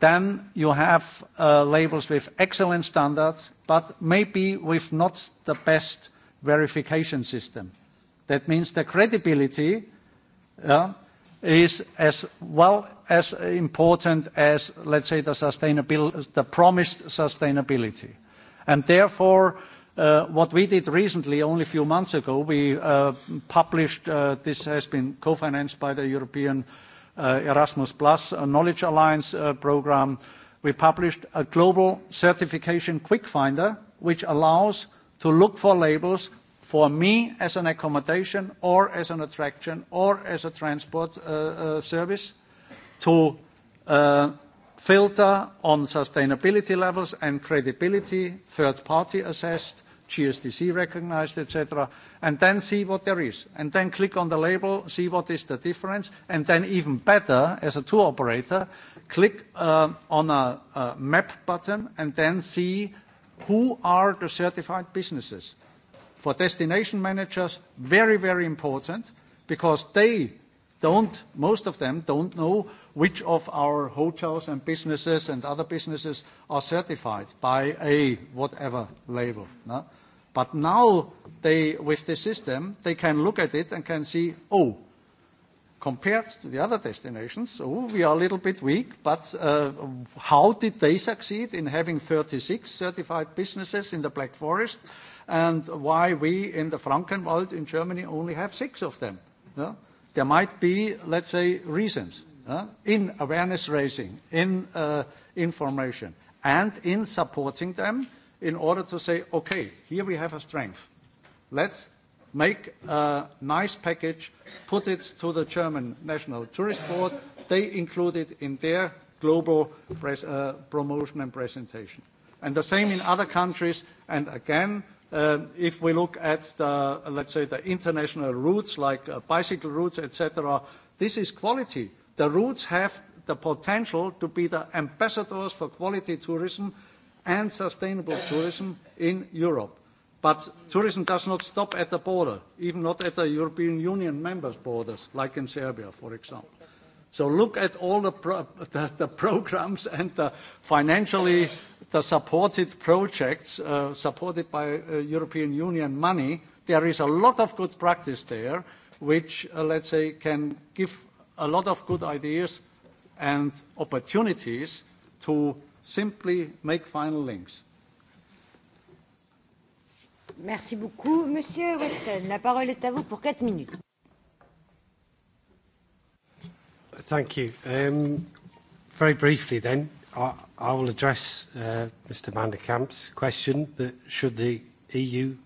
Speaker 3: Then you have uh, labels with excellent standards, but maybe with not the best verification system. That means the credibility is as well as important as, let's say, the, the promised sustainability. And therefore, uh, what we did recently, only a few months ago, we uh, published, uh, this has been co-financed by the European Erasmus Plus Knowledge Alliance program. We published a global certification quick finder, which allows to look for labels for me as an accommodation or as an attraction or as a transport uh, uh service to uh, filter on sustainability levels and credibility, third party assessed, GSDC recognized, etc., and then see what there is. And then click on the label, see what is the difference, and then even better, as a tour operator, click uh, on a, a map button and then see Who are the certified businesses? For destination managers, very, very important because they don't, most of them don't know which of our hotels and businesses and other businesses are certified by a whatever label. But now they, with the system, they can look at it and can see, oh, compared to the other destinations, oh, we are a little bit weak, but uh, how did they succeed in having 36 certified businesses in the Black Forest, and why we in the Frankenwald in Germany only have six of them? Yeah. There might be, let's say, reasons in awareness raising, in uh, information, and in supporting them in order to say, "Okay, here we have a strength. Let's make a nice package, put it to the German National Tourist Board. They include it in their global uh, promotion and presentation. And the same in other countries. And again, um, if we look at the, let's say, the international routes, like uh, bicycle routes, etc., this is quality. The routes have the potential to be the ambassadors for quality tourism and sustainable tourism in Europe. But tourism does not stop at the border, even not at the European Union members' borders, like in Serbia, for example. So look at all the, pro *laughs* programs and the financially the supported projects uh, supported by uh, European Union money. There is a lot of good practice there, which, uh, let's say, can give a lot of good ideas and opportunities to simply make final links.
Speaker 1: Merci beaucoup. Monsieur Weston, la parole est à vous pour 4 minutes.
Speaker 2: Thank you. Um, very briefly then, I, I will address uh, Mr Kamp's question that should the EU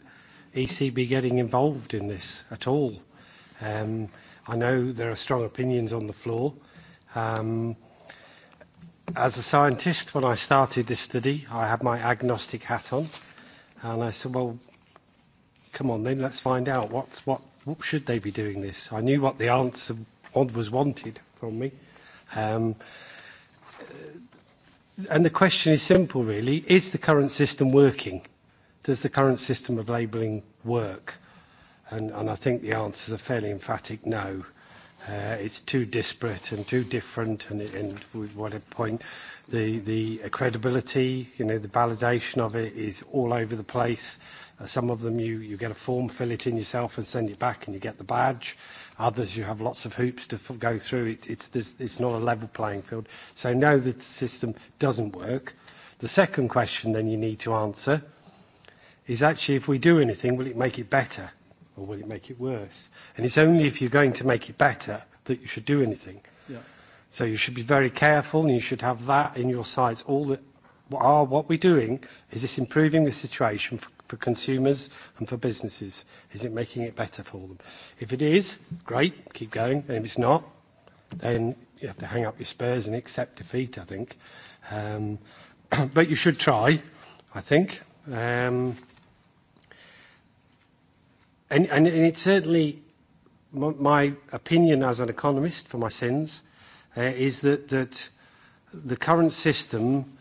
Speaker 2: EC be getting involved in this at all? Um, I know there are strong opinions on the floor. Um, as a scientist, when I started this study, I had my agnostic hat on. And I said, well, come on then, let's find out what's what, what should they be doing this? I knew what the answer was wanted from me. Um, uh, and the question is simple really, is the current system working? Does the current system of labelling work? And, and I think the answers are fairly emphatic no. Uh, it's too disparate and too different and, it and what a point the, the credibility, you know, the validation of it is all over the place. Uh, some of them you, you get a form, fill it in yourself and send it back and you get the badge. Others you have lots of hoops to go through. It, it's, it's not a level playing field. So no, the system doesn't work. The second question then you need to answer is actually if we do anything, will it make it better or will it make it worse? And it's only if you're going to make it better that you should do anything. Yeah. So you should be very careful and you should have that in your sights all the are what we're doing, is this improving the situation for for consumers and for businesses? Is it making it better for them? If it is, great, keep going. And if it's not, then you have to hang up your spurs and accept defeat, I think. Um, *clears throat* but you should try, I think. Um, and, and, and it's certainly my, my opinion as an economist for my sins uh, is that, that the current system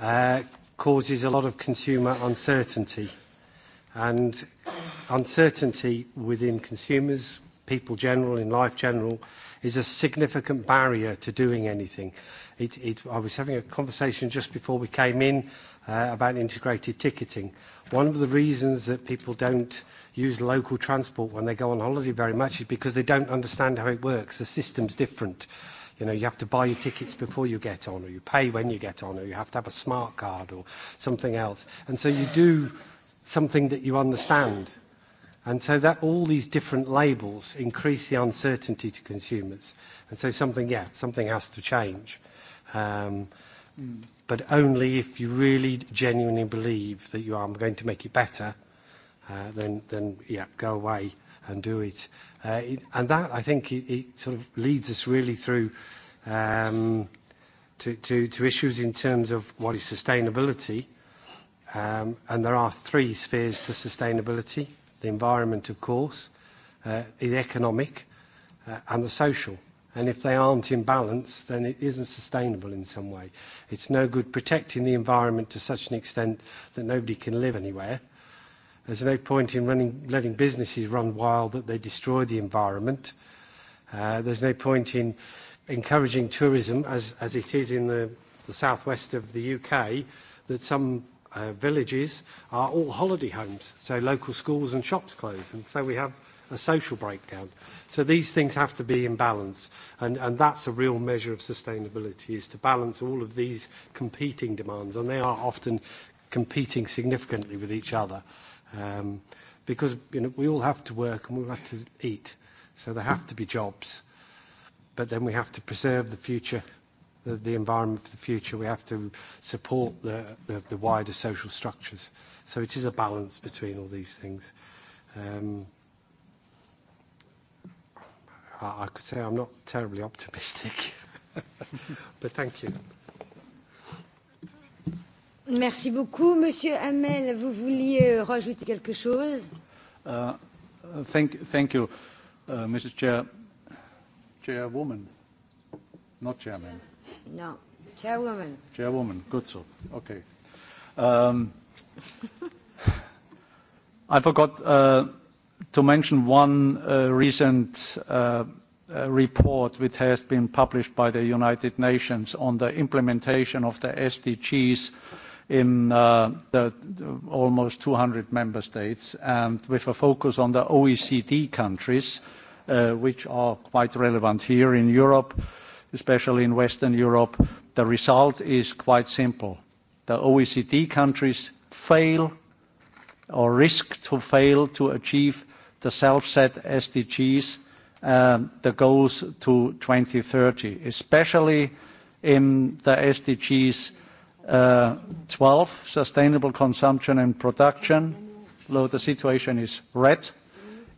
Speaker 2: uh, causes a lot of consumer uncertainty and uncertainty within consumers, people general, in life general, is a significant barrier to doing anything. It, it, I was having a conversation just before we came in uh, about integrated ticketing. One of the reasons that people don't use local transport when they go on holiday very much is because they don't understand how it works. The system's different. You know, you have to buy your tickets before you get on, or you pay when you get on, or you have to have a smart card or something else. And so you do something that you understand. And so that all these different labels increase the uncertainty to consumers. And so something, yeah, something has to change. Um, But only if you really genuinely believe that you are going to make it better, uh, then, then yeah, go away and do it. Uh, and that, I think, it, it sort of leads us really through um, to, to, to issues in terms of what is sustainability Um, and there are three spheres to sustainability, the environment, of course, uh, the economic, uh, and the social. And if they aren't in balance, then it isn't sustainable in some way. It's no good protecting the environment to such an extent that nobody can live anywhere. There's no point in running, letting businesses run wild that they destroy the environment. Uh, there's no point in encouraging tourism, as, as it is in the southwest of the UK, that some Uh, villages are all holiday homes, so local schools and shops close, and so we have a social breakdown. So these things have to be in balance, and, and that's a real measure of sustainability, is to balance all of these competing demands, and they are often competing significantly with each other, um, because you know, we all have to work and we all have to eat, so there have to be jobs, but then we have to preserve the future the, environment for the future, we have to support the, the, the wider social structures. So it is a balance between all these things. Um, I, could say I'm not terribly optimistic, *laughs* but thank you.
Speaker 1: Merci beaucoup. Monsieur Hamel, vous vouliez euh, rajouter quelque chose
Speaker 2: uh, uh
Speaker 3: thank, thank you, uh, Mrs. Chair, Chairwoman, not Chairman.
Speaker 1: No. Chairwoman.
Speaker 3: Chairwoman, good so. Okay. Um, I forgot uh, to mention one uh, recent uh, uh report which has been published by the United Nations on the implementation of the SDGs in uh, the almost 200 member states, and with a focus on the OECD countries, uh, which are quite relevant here in Europe especially in Western Europe, the result is quite simple. The OECD countries fail or risk to fail to achieve the self-set SDGs, um, the goals to 2030, especially in the SDGs uh, 12, sustainable consumption and production. Though the situation is red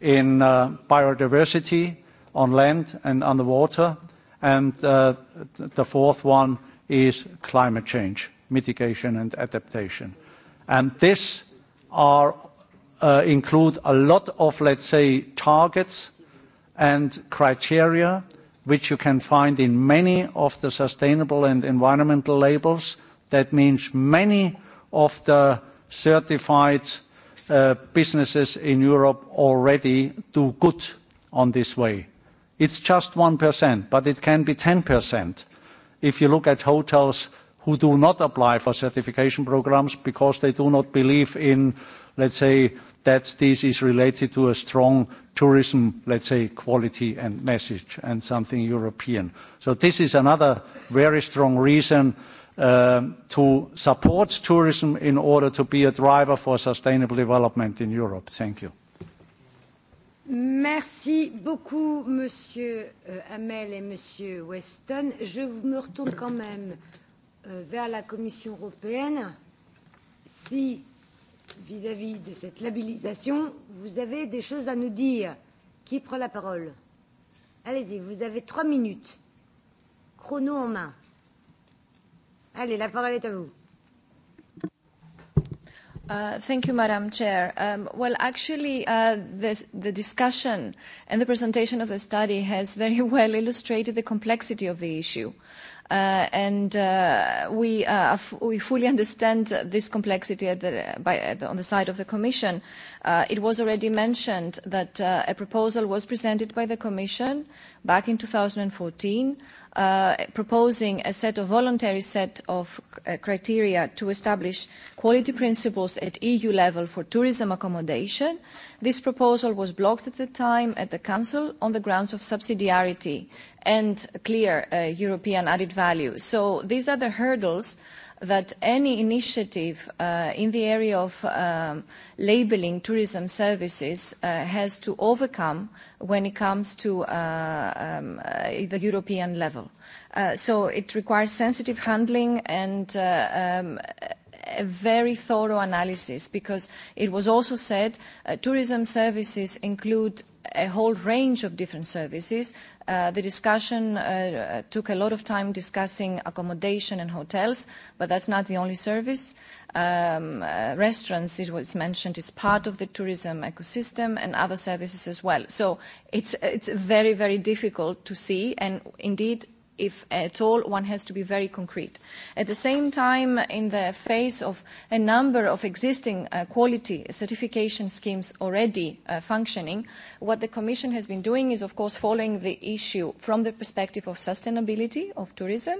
Speaker 3: in uh, biodiversity on land and underwater, and uh, the fourth one is climate change, mitigation and adaptation. And this are, uh, include a lot of, let's say, targets and criteria which you can find in many of the sustainable and environmental labels. That means many of the certified uh, businesses in Europe already do good on this way. It's just 1%, but it can be 10% if you look at hotels who do not apply for certification programs because they do not believe in, let's say, that this is related to a strong tourism, let's say, quality and message and something European. So this is another very strong reason um, to support tourism in order to be a driver for sustainable development in Europe. Thank you.
Speaker 1: Merci beaucoup, Monsieur euh, Hamel et Monsieur Weston. Je me retourne quand même euh, vers la Commission européenne. Si, vis-à-vis -vis de cette labellisation, vous avez des choses à nous dire, qui prend la parole Allez-y, vous avez trois minutes. Chrono
Speaker 8: en main. Allez, la parole est à vous. Uh, thank you, Madam Chair. Um, well, actually, uh, this, the discussion and the presentation of the study has very *laughs* well illustrated the complexity of the issue. Uh, and uh, we, uh, we fully understand this complexity by, on the side of the Commission. Uh, it was already mentioned that uh, a proposal was presented by the Commission back in 2014 uh, proposing a set of voluntary set of uh, criteria to establish quality principles at EU level for tourism accommodation. This proposal was blocked at the time at the Council on the grounds of subsidiarity and clear uh, European added value. So these are the hurdles that any initiative uh, in the area of um, labeling tourism services uh, has to overcome when it comes to uh, um, uh, the European level. Uh, so it requires sensitive handling and uh, um, a very thorough analysis because it was also said tourism services include a whole range of different services Uh, the discussion uh, uh, took a lot of time discussing accommodation and hotels, but that's not the only service. Um, uh, restaurants, it was mentioned, is part of the tourism ecosystem and other services as well. So it's, it's very, very difficult to see, and indeed if at all, one has to be very concrete. At the same time, in the face of a number of existing uh, quality certification schemes already uh, functioning, what the Commission has been doing is, of course, following the issue from the perspective of sustainability of tourism,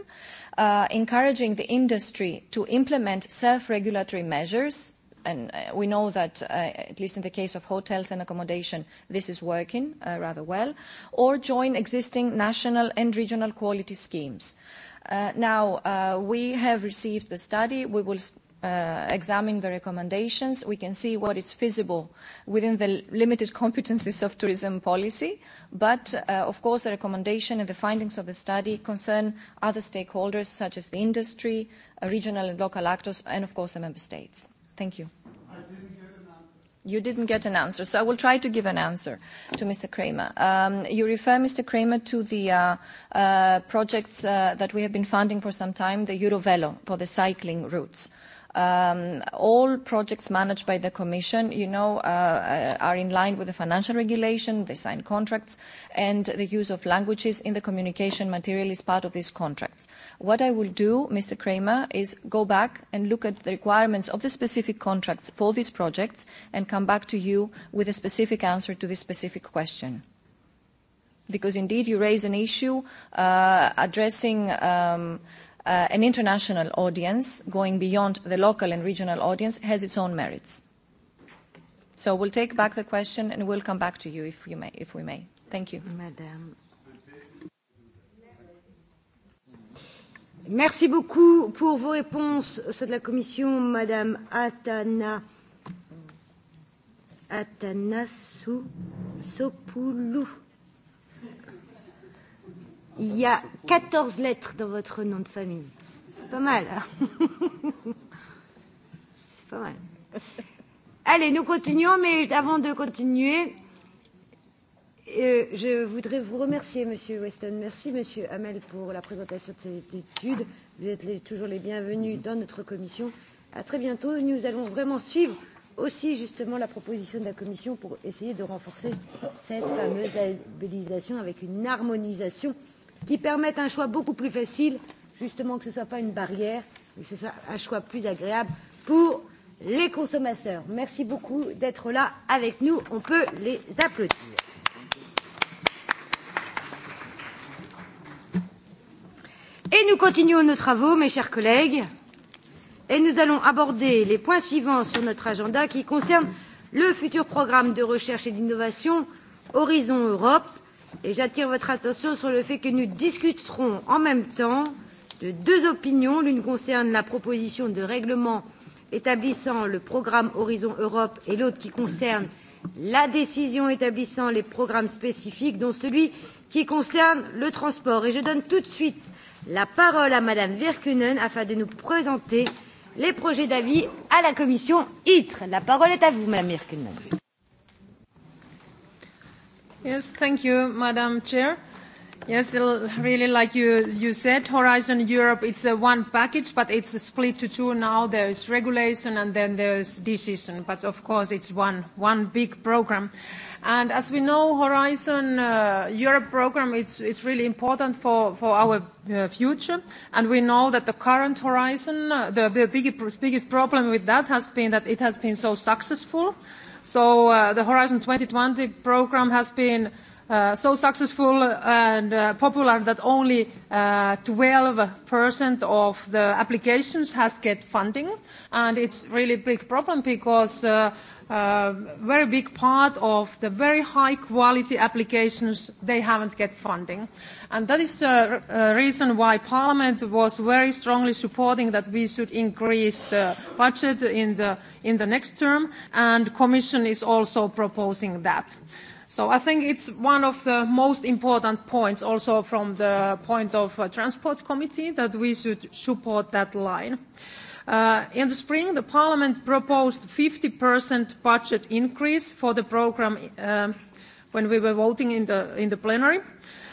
Speaker 8: uh, encouraging the industry to implement self-regulatory measures and uh, we know that, uh, at least in the case of hotels and accommodation, this is working uh, rather well, or join existing national and regional quality schemes. Uh, now, we have received the study. We will examine the recommendations. We can see what is feasible within the limited *laughs* competencies of tourism policy. But, of course, the recommendation and the findings of the study concern other stakeholders, such as the industry, regional and local actors, and, of course, the member states. Thank you. I didn't get an answer. You didn't get an answer, so I will try to give an answer to Mr. Kramer. Um, you refer, Mr. Kramer, to the uh, uh, projects uh, that we have been funding for some time, the Eurovelo, for the cycling routes. Um, all projects managed by the Commission, you know, uh, uh, are in line with the financial regulation, they sign contracts, and the use of languages in the communication material is part of these contracts. What I will do, Mr. Kramer, is go back and look at the requirements of the specific contracts for these projects and come back to you with a specific answer to this specific question because indeed you raise an issue uh, addressing um, Uh, an international audience going beyond the local and regional audience has its own merits. So we'll take back the question and we'll come back to you if, you may, if we may. Thank you. Madam.
Speaker 1: Merci beaucoup pour vos réponses. de la Commission, Madame Atana. Atana Sopoulou. Il y a 14 lettres dans votre nom de famille. C'est pas mal. Hein *laughs* C'est pas mal. Allez, nous continuons, mais avant de continuer, euh, je voudrais vous remercier, Monsieur Weston. Merci, Monsieur Hamel, pour la présentation de cette étude. Vous êtes les, toujours les bienvenus dans notre commission. À très bientôt. Nous allons vraiment suivre aussi justement la proposition de la Commission pour essayer de renforcer cette fameuse labellisation avec une harmonisation qui permettent un choix beaucoup plus facile, justement que ce ne soit pas une barrière, mais que ce soit un choix plus agréable pour les consommateurs. Merci beaucoup d'être là avec nous. On peut les applaudir. Et nous continuons nos travaux, mes chers collègues. Et nous allons aborder les points suivants sur notre agenda qui concernent le futur programme de recherche et d'innovation Horizon Europe et j'attire votre attention sur le fait que nous discuterons en même temps de deux opinions. L'une concerne la proposition de règlement établissant le programme Horizon Europe et l'autre qui concerne la décision établissant les programmes spécifiques, dont celui qui concerne le transport. Et je donne tout de suite la parole à Madame Verkunen afin de nous présenter les projets d'avis à la commission ITRE. La parole est à vous, Madame Verkunen.
Speaker 9: Yes, thank you, Madam Chair. Yes, really like you, you said, Horizon Europe, it's a one package, but it's a split to two now. There is regulation and then there's decision, but of course it's one, one big program. And as we know, Horizon uh, Europe program, it's, it's really important for, for our uh, future. And we know that the current Horizon, uh, the, the biggest, biggest problem with that has been that it has been so successful So uh, the Horizon 2020 program has been uh, so successful and uh, popular that only 12% of the applications has get funding. And it's really big problem because a uh, very big part of the very high quality applications they haven't get funding and that is the uh, reason why parliament was very strongly supporting that we should increase the budget in the in the next term and commission is also proposing that so i think it's one of the most important points also from the point of uh, transport committee that we should support that line Uh, in the spring, the Parliament proposed 50% budget increase for the programme um, when we were voting in the, in the plenary.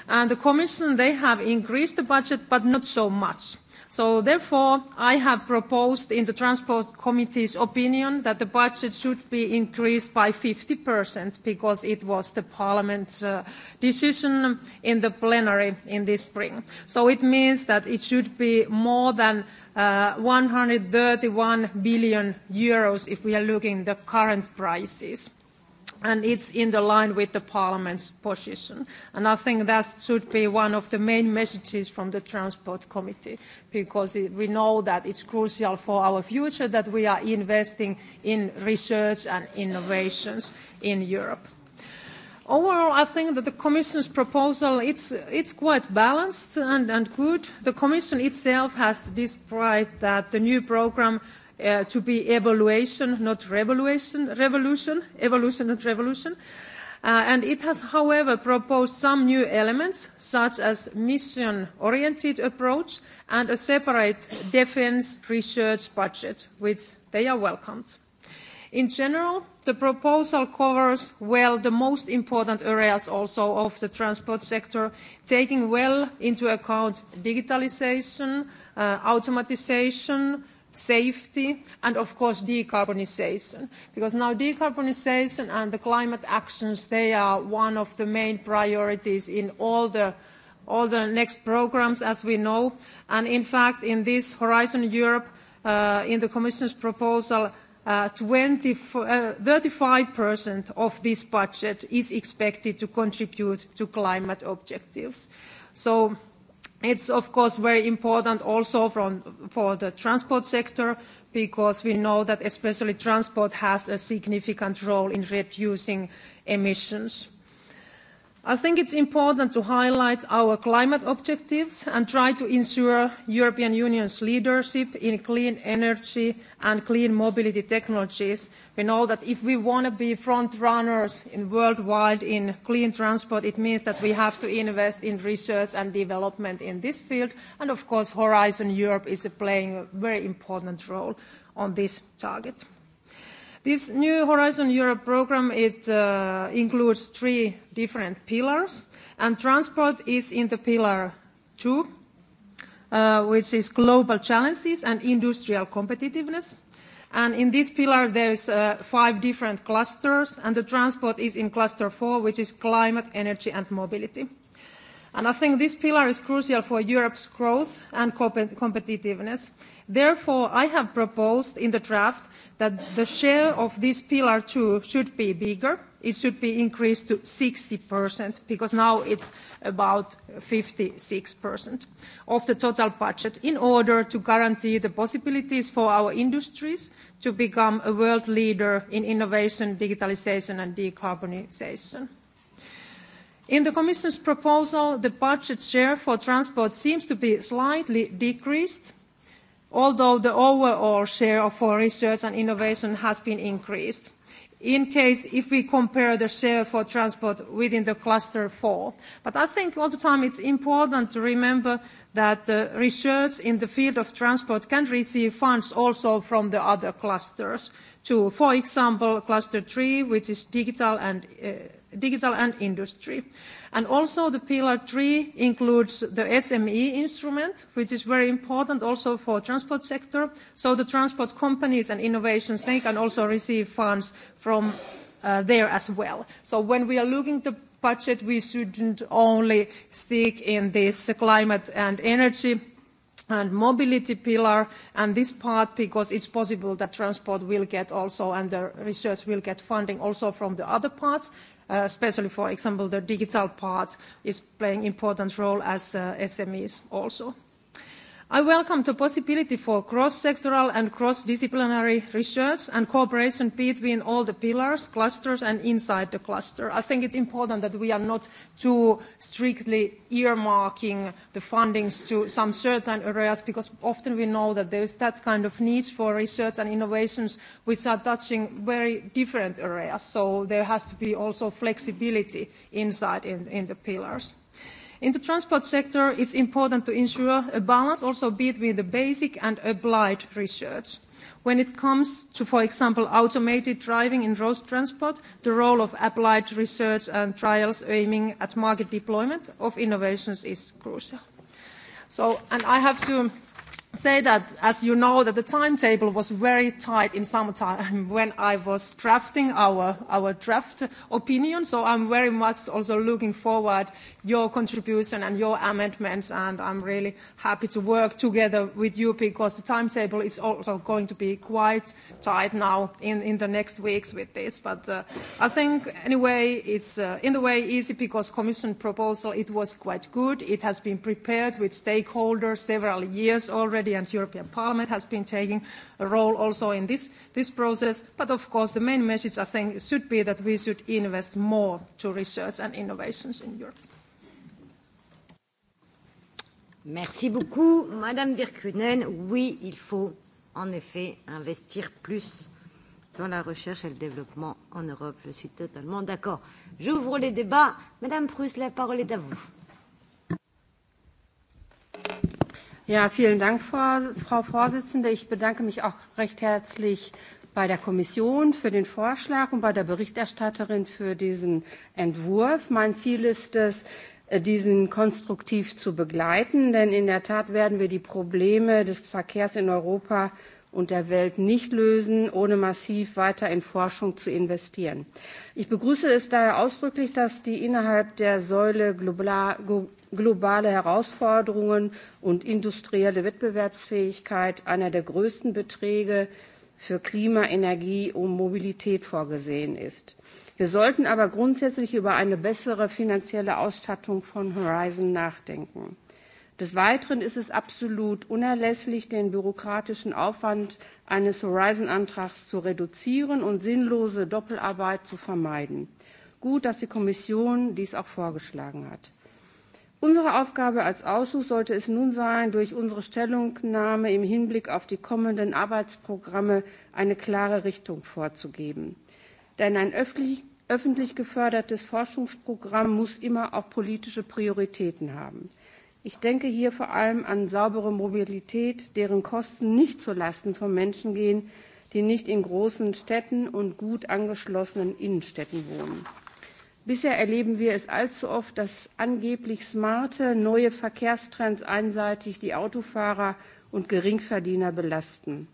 Speaker 9: And the Commission, they have increased the budget, but not so much. So therefore, I have proposed in the Transport Committee's opinion that the budget should be increased by 50% because it was the Parliament's uh, decision in the plenary in this spring. So it means that it should be more than uh, 131 billion euros if we are looking at the current prices and it's in the line with the parliament's position. And I think that should be one of the main messages from the transport committee, because we know that it's crucial for our future that we are investing in research and innovations in Europe. Overall, I think that the Commission's proposal, it's, it's quite balanced and, and good. The Commission itself has described that the new program uh, to be evaluation, not revolution, revolution, evolution, not revolution. Uh, and it has, however, proposed some new elements, such as mission-oriented approach and a separate defence research budget, which they are welcomed. In general, The proposal covers well the most important areas also of the transport sector, taking well into account digitalization, uh, safety, and of course decarbonization. Because now decarbonization and the climate actions, they are one of the main priorities in all the all the next programs, as we know. And in fact, in this Horizon Europe, uh, in the Commission's proposal, 35% uh, uh, of this budget is expected to contribute to climate objectives. So it's of course very important also from, for the transport sector because we know that especially transport has a significant role in reducing emissions. I think it's important to highlight our climate objectives and try to ensure European Union's leadership in clean energy and clean mobility technologies. We know that if we want to be front runners in worldwide in clean transport, it means that we have to invest in research and development in this field. And of course, Horizon Europe is playing a very important role on this target. This new Horizon Europe program, it uh, includes three different pillars, and transport is in the pillar two, uh, which is global challenges and industrial competitiveness. And in this pillar, there's uh, five different clusters, and the transport is in cluster four, which is climate, energy, and mobility. And I think this pillar is crucial for Europe's growth and competitiveness. Therefore, I have proposed in the draft that the share of this Pillar 2 should be bigger. It should be increased to 60% because now it's about 56% of the total budget in order to guarantee the possibilities for our industries to become a world leader in innovation, digitalization and decarbonization. In the Commission's proposal, the budget share for transport seems to be slightly decreased although the overall share of for research and innovation has been increased. In case if we compare the share for transport within the cluster four. But I think all the time it's important to remember that the research in the field of transport can receive funds also from the other clusters too. For example, cluster three, which is digital and, eh, digital and industry. And also the Pillar three includes the SME instrument, which is very important also for transport sector. So the transport companies and innovations, they can also receive funds from uh, there as well. So when we are looking at the budget, we shouldn't only stick in this climate and energy and mobility pillar and this part because it's possible that transport will get also and the research will get funding also from the other parts Uh, especially, for example, the digital part is playing important role as uh, SMEs also. I welcome the possibility for cross-sectoral and cross-disciplinary research and cooperation between all the pillars, clusters and inside the cluster. I think it's important that we are not too strictly earmarking the fundings to some certain areas because often we know that there is that kind of needs for research and innovations which are touching very different areas. So there has to be also flexibility inside in, in the pillars. In the transport sector, it's important to ensure a balance also between the basic and applied research. When it comes to, for example, automated driving in road transport, the role of applied research and trials aiming at market deployment of innovations is crucial. So, and I have to say that, as you know, that the timetable was very tight in summertime *laughs* when I was drafting our, our draft opinion. So I'm very much also looking forward your contribution and your amendments, and I'm really happy to work together with you because the timetable is also going to be quite tight now in, in the next weeks with this. But uh, I think anyway, it's uh, in the way easy because Commission proposal, it was quite good. It has been prepared with stakeholders several years already already, and European Parliament has been taking a role also in this, this process. But of course, the main message, I think, should be that we should invest more to research and innovations in Europe.
Speaker 1: Merci beaucoup. Madame Virkunen, oui, il faut en effet investir plus dans la recherche et le développement en Europe. Je suis totalement d'accord. J'ouvre les débats. Madame Prus, la parole est à vous.
Speaker 10: Ja, vielen Dank, Frau, Vorsitzende. Ich bedanke mich auch recht herzlich bei der Kommission für den Vorschlag und bei der Berichterstatterin für diesen Entwurf. Mein Ziel ist es, äh, diesen konstruktiv zu begleiten, denn in der Tat werden wir die Probleme des Verkehrs in Europa und der Welt nicht lösen, ohne massiv weiter in Forschung zu investieren. Ich begrüße es daher ausdrücklich, dass die innerhalb der Säule globale Herausforderungen und industrielle Wettbewerbsfähigkeit einer der größten Beträge für Klima, Energie und Mobilität vorgesehen ist. Wir sollten aber grundsätzlich über eine bessere finanzielle Ausstattung von Horizon nachdenken. Des Weiteren ist es absolut unerlässlich, den bürokratischen Aufwand eines Horizon-Antrags zu reduzieren und sinnlose Doppelarbeit zu vermeiden. Gut, dass die Kommission dies auch vorgeschlagen hat. Unsere Aufgabe als Ausschuss sollte es nun sein, durch unsere Stellungnahme im Hinblick auf die kommenden Arbeitsprogramme eine klare Richtung vorzugeben. Denn ein öffentlich, öffentlich gefördertes Forschungsprogramm muss immer auch politische Prioritäten haben. Ich denke hier vor allem an saubere Mobilität, deren Kosten nicht zulasten von Menschen gehen, die nicht in großen Städten und gut angeschlossenen Innenstädten wohnen. Bisher erleben wir es allzu oft, dass angeblich smarte neue Verkehrstrends einseitig die Autofahrer und Geringverdiener belasten.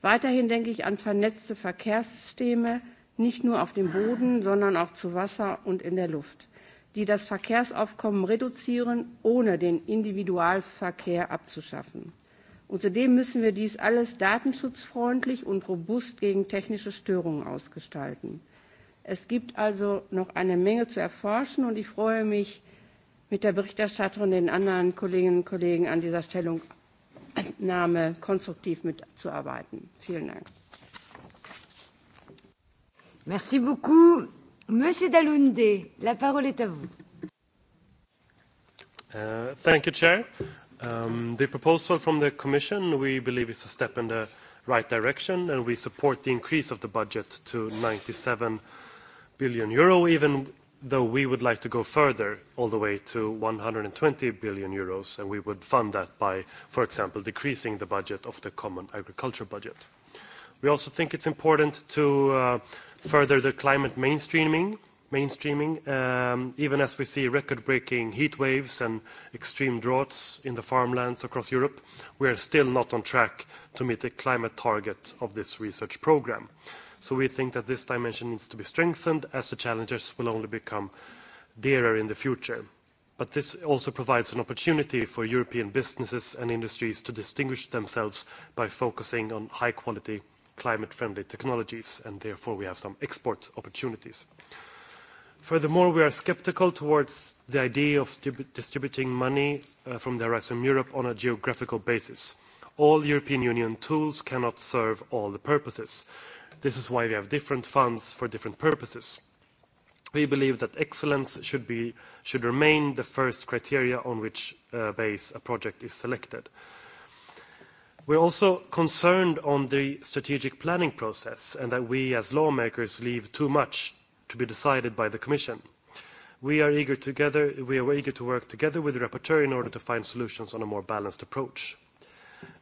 Speaker 10: Weiterhin denke ich an vernetzte Verkehrssysteme, nicht nur auf dem Boden, sondern auch zu Wasser und in der Luft, die das Verkehrsaufkommen reduzieren, ohne den Individualverkehr abzuschaffen. Und zudem müssen wir dies alles datenschutzfreundlich und robust gegen technische Störungen ausgestalten. Es gibt also noch eine Menge zu erforschen und ich freue mich, mit der Berichterstatterin und den anderen Kolleginnen und Kollegen an dieser Stellungnahme konstruktiv mitzuarbeiten. Vielen Dank. Merci beaucoup. Monsieur Dalunde, la parole
Speaker 1: est à vous.
Speaker 11: Uh, thank you, Chair. Um, the proposal from the Commission we believe is a step in the right direction and we support the increase of the budget to 97 billion euro, even though we would like to go further all the way to 120 billion euros, and we would fund that by, for example, decreasing the budget of the common agriculture budget. We also think it's important to uh, further the climate mainstreaming, mainstreaming um, even as we see record-breaking heat waves and extreme droughts in the farmlands across Europe, we are still not on track to meet the climate target of this research program. So we think that this dimension needs to be strengthened as the challenges will only become dearer in the future. But this also provides an opportunity for European businesses and industries to distinguish themselves by focusing on high-quality, climate-friendly technologies, and therefore we have some export opportunities. Furthermore, we are skeptical towards the idea of distributing money uh, from the Horizon Europe on a geographical basis. All European Union tools cannot serve all the purposes. This is why we have different funds for different purposes. We believe that excellence should, be, should remain the first criteria on which uh, base a project is selected. We're also concerned on the strategic planning process and that we as lawmakers leave too much to be decided by the Commission. We are eager together we are eager to work together with the rapporteur in order to find solutions on a more balanced approach.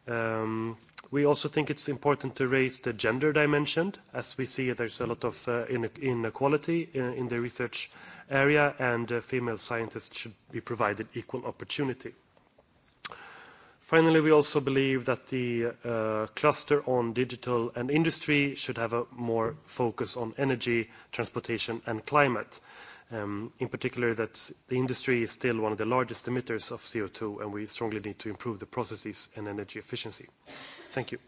Speaker 11: Um, We also think it's important to raise the gender dimension, as we see there's a lot of uh, inequality uh, in the research area, and uh, female scientists should be provided equal opportunity. Finally, we also believe that the cluster on digital and industry should have a more focus on energy, transportation, and climate Um, in particular, that the industry is still one of the largest emitters of CO2, and we strongly need to improve the processes and energy efficiency. Thank you.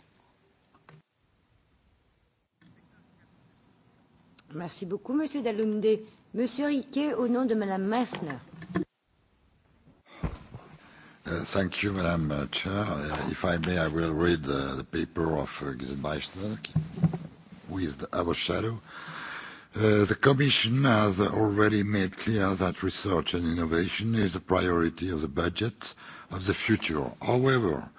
Speaker 1: Merci beaucoup, Monsieur Dalunde. Monsieur Riquet, au nom de Madame Messner.
Speaker 12: Uh, thank you, Madame uh, Chair. Uh, if I may, I will read the paper of Gisèle Meissner, who is the, our shadow. Uh, the Commission has already made clear that research and innovation is a priority of the budget of the future. However,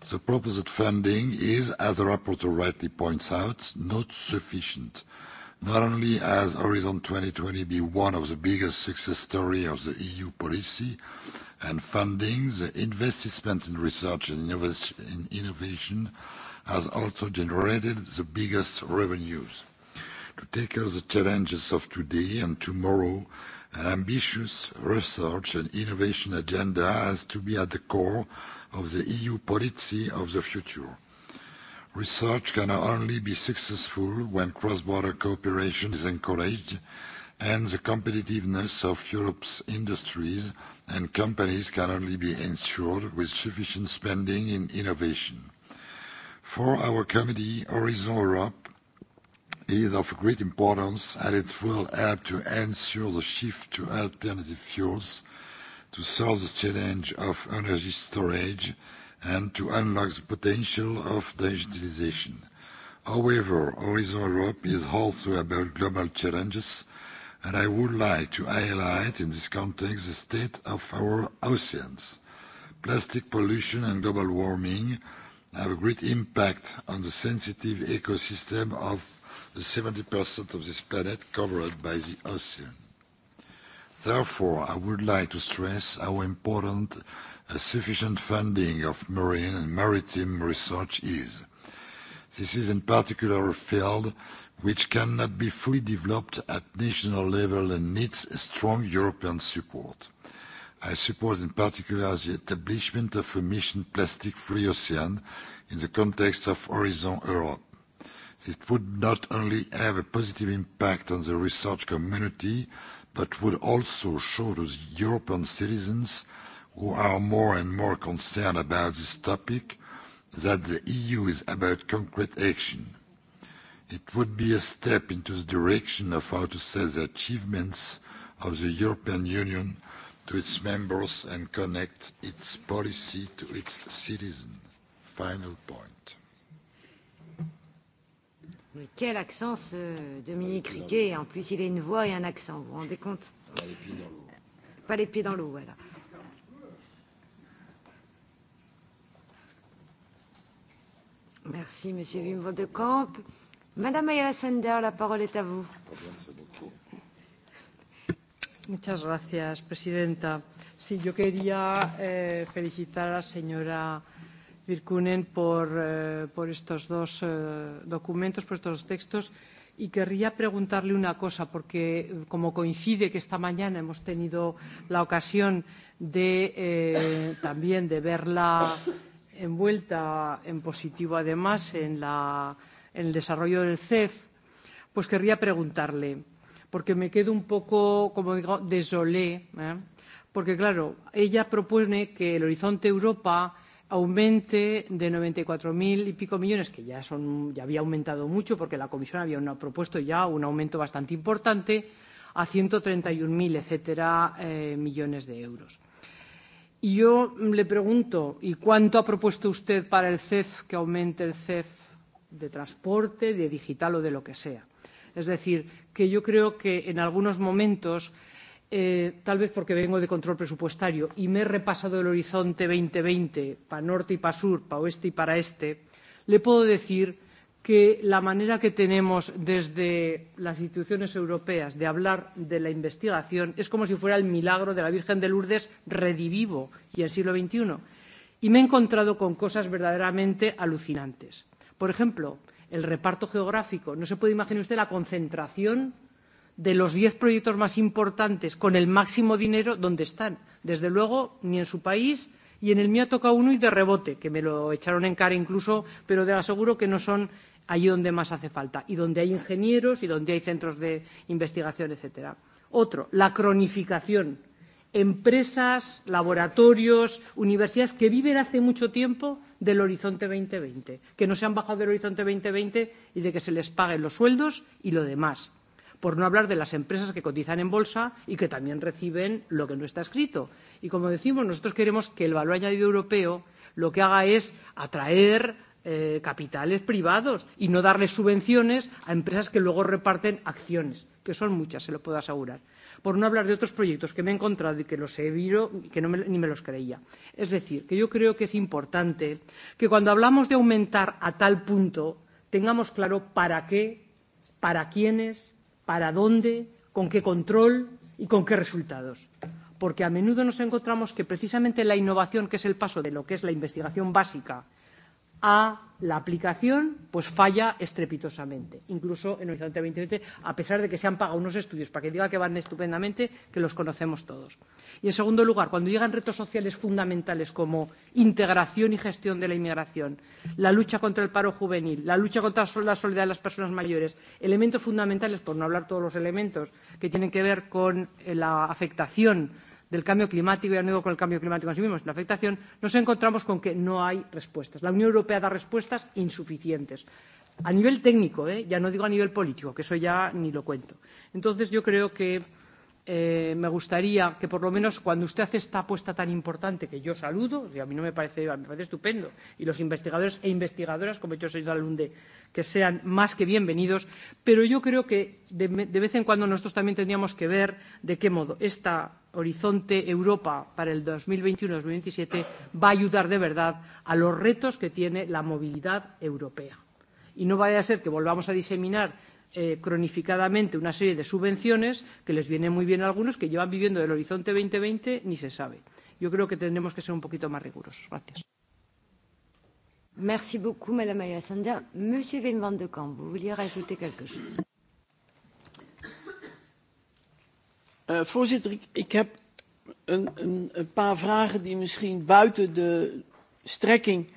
Speaker 12: the proposed funding is, as the rapporteur rightly points out, not sufficient. Not only has Horizon 2020 been one of the biggest success stories of the EU policy and funding, the investment in research and innovation has also generated the biggest revenues to tackle the challenges of today and tomorrow, an ambitious research and innovation agenda has to be at the core of the EU policy of the future. Research can only be successful when cross-border cooperation is encouraged and the competitiveness of Europe's industries and companies can only be ensured with sufficient spending in innovation. For our committee, Horizon Europe is of great importance and it will help to ensure the shift to alternative fuels, to solve the challenge of energy storage and to unlock the potential of digitalization. However, Horizon Europe is also about global challenges and I would like to highlight in this context the state of our oceans. Plastic pollution and global warming have a great impact on the sensitive ecosystem of 70% of this planet covered by the ocean. Therefore, I would like to stress how important a sufficient funding of marine and maritime research is. This is in particular a field which cannot be fully developed at national level and needs strong European support. I support in particular the establishment of a mission plastic-free ocean in the context of Horizon Europe. This would not only have a positive impact on the research community, but would also show to European citizens who are more and more concerned about this topic that the EU is about concrete action. It would be a step into the direction of how to sell the achievements of the European Union to its members and connect its policy to its citizens. Final point.
Speaker 1: Mais quel accent ce Dominique ah, Riquet En plus, il a une voix et un accent, vous vous rendez compte
Speaker 12: Pas ah, les pieds dans l'eau.
Speaker 1: Euh, pas les pieds dans l'eau, voilà. Merci, Monsieur oh, Wim de Camp. Madame Ayala Sender, la parole est à vous.
Speaker 13: Muchas gracias, Presidenta. Sí, yo quería eh, felicitar a la señora Virkunen por, eh, por estos dos eh, documentos, por estos textos. Y querría preguntarle una cosa, porque eh, como coincide que esta mañana hemos tenido la ocasión de, eh, también de verla envuelta en positivo, además, en, la, en el desarrollo del CEF, pues querría preguntarle, porque me quedo un poco, como digo, desolé, ¿eh? porque claro, ella propone que el Horizonte Europa aumente de 94.000 y pico millones, que ya, son, ya había aumentado mucho porque la Comisión había una, propuesto ya un aumento bastante importante, a 131.000, etcétera, eh, millones de euros. Y yo le pregunto, ¿y cuánto ha propuesto usted para el CEF que aumente el CEF de transporte, de digital o de lo que sea? Es decir, que yo creo que en algunos momentos eh, tal vez porque vengo de control presupuestario y me he repasado el horizonte 2020 para norte y para sur, para oeste y para este, le puedo decir que la manera que tenemos desde las instituciones europeas de hablar de la investigación es como si fuera el milagro de la Virgen de Lourdes redivivo y el siglo XXI. Y me he encontrado con cosas verdaderamente alucinantes. Por ejemplo, el reparto geográfico. No se puede imaginar usted la concentración de los diez proyectos más importantes con el máximo dinero, ¿dónde están? Desde luego, ni en su país, y en el mío toca uno y de rebote, que me lo echaron en cara incluso, pero te aseguro que no son allí donde más hace falta, y donde hay ingenieros y donde hay centros de investigación, etcétera. Otro, la cronificación. Empresas, laboratorios, universidades que viven hace mucho tiempo del Horizonte 2020, que no se han bajado del Horizonte 2020 y de que se les paguen los sueldos y lo demás por no hablar de las empresas que cotizan en bolsa y que también reciben lo que no está escrito. Y como decimos, nosotros queremos que el valor añadido europeo lo que haga es atraer eh, capitales privados y no darle subvenciones a empresas que luego reparten acciones, que son muchas, se lo puedo asegurar. Por no hablar de otros proyectos que me he encontrado y que los he visto y que no me, ni me los creía. Es decir, que yo creo que es importante que cuando hablamos de aumentar a tal punto tengamos claro para qué, para quiénes para dónde, con qué control y con qué resultados. Porque a menudo nos encontramos que precisamente la innovación, que es el paso de lo que es la investigación básica a la aplicación pues falla estrepitosamente, incluso en Horizonte 2020, a pesar de que se han pagado unos estudios para que diga que van estupendamente, que los conocemos todos. Y en segundo lugar, cuando llegan retos sociales fundamentales como integración y gestión de la inmigración, la lucha contra el paro juvenil, la lucha contra la soledad de las personas mayores, elementos fundamentales, por no hablar todos los elementos que tienen que ver con eh, la afectación del cambio climático, ya no digo con el cambio climático en sí afectación, nos encontramos con que no hay respuestas. La Unión Europea da respuestas insuficientes. A nivel técnico, ¿eh? ya no digo a nivel político, que eso ya ni lo cuento. Entonces yo creo que eh, me gustaría que por lo menos cuando usted hace esta apuesta tan importante que yo saludo, y a mí no me parece, me parece estupendo, y los investigadores e investigadoras, como he hecho señor Alunde, que sean más que bienvenidos, pero yo creo que de, de vez en cuando nosotros también tendríamos que ver de qué modo esta Horizonte Europa para el 2021-2027 va a ayudar de verdad a los retos que tiene la movilidad europea. Y no vaya a ser que volvamos a diseminar eh, cronificadamente una serie de subvenciones que les viene muy bien a algunos que llevan viviendo del horizonte 2020 ni se sabe. Yo creo que tendremos que ser un poquito más rigurosos. Gracias.
Speaker 1: Merci beaucoup, Madame Ayasanda. Monsieur Van de Camp, vous vouliez rajouter quelque
Speaker 4: chose uh, Voorzitter, ik, ik heb een, een, een paar vragen die misschien buiten de strekking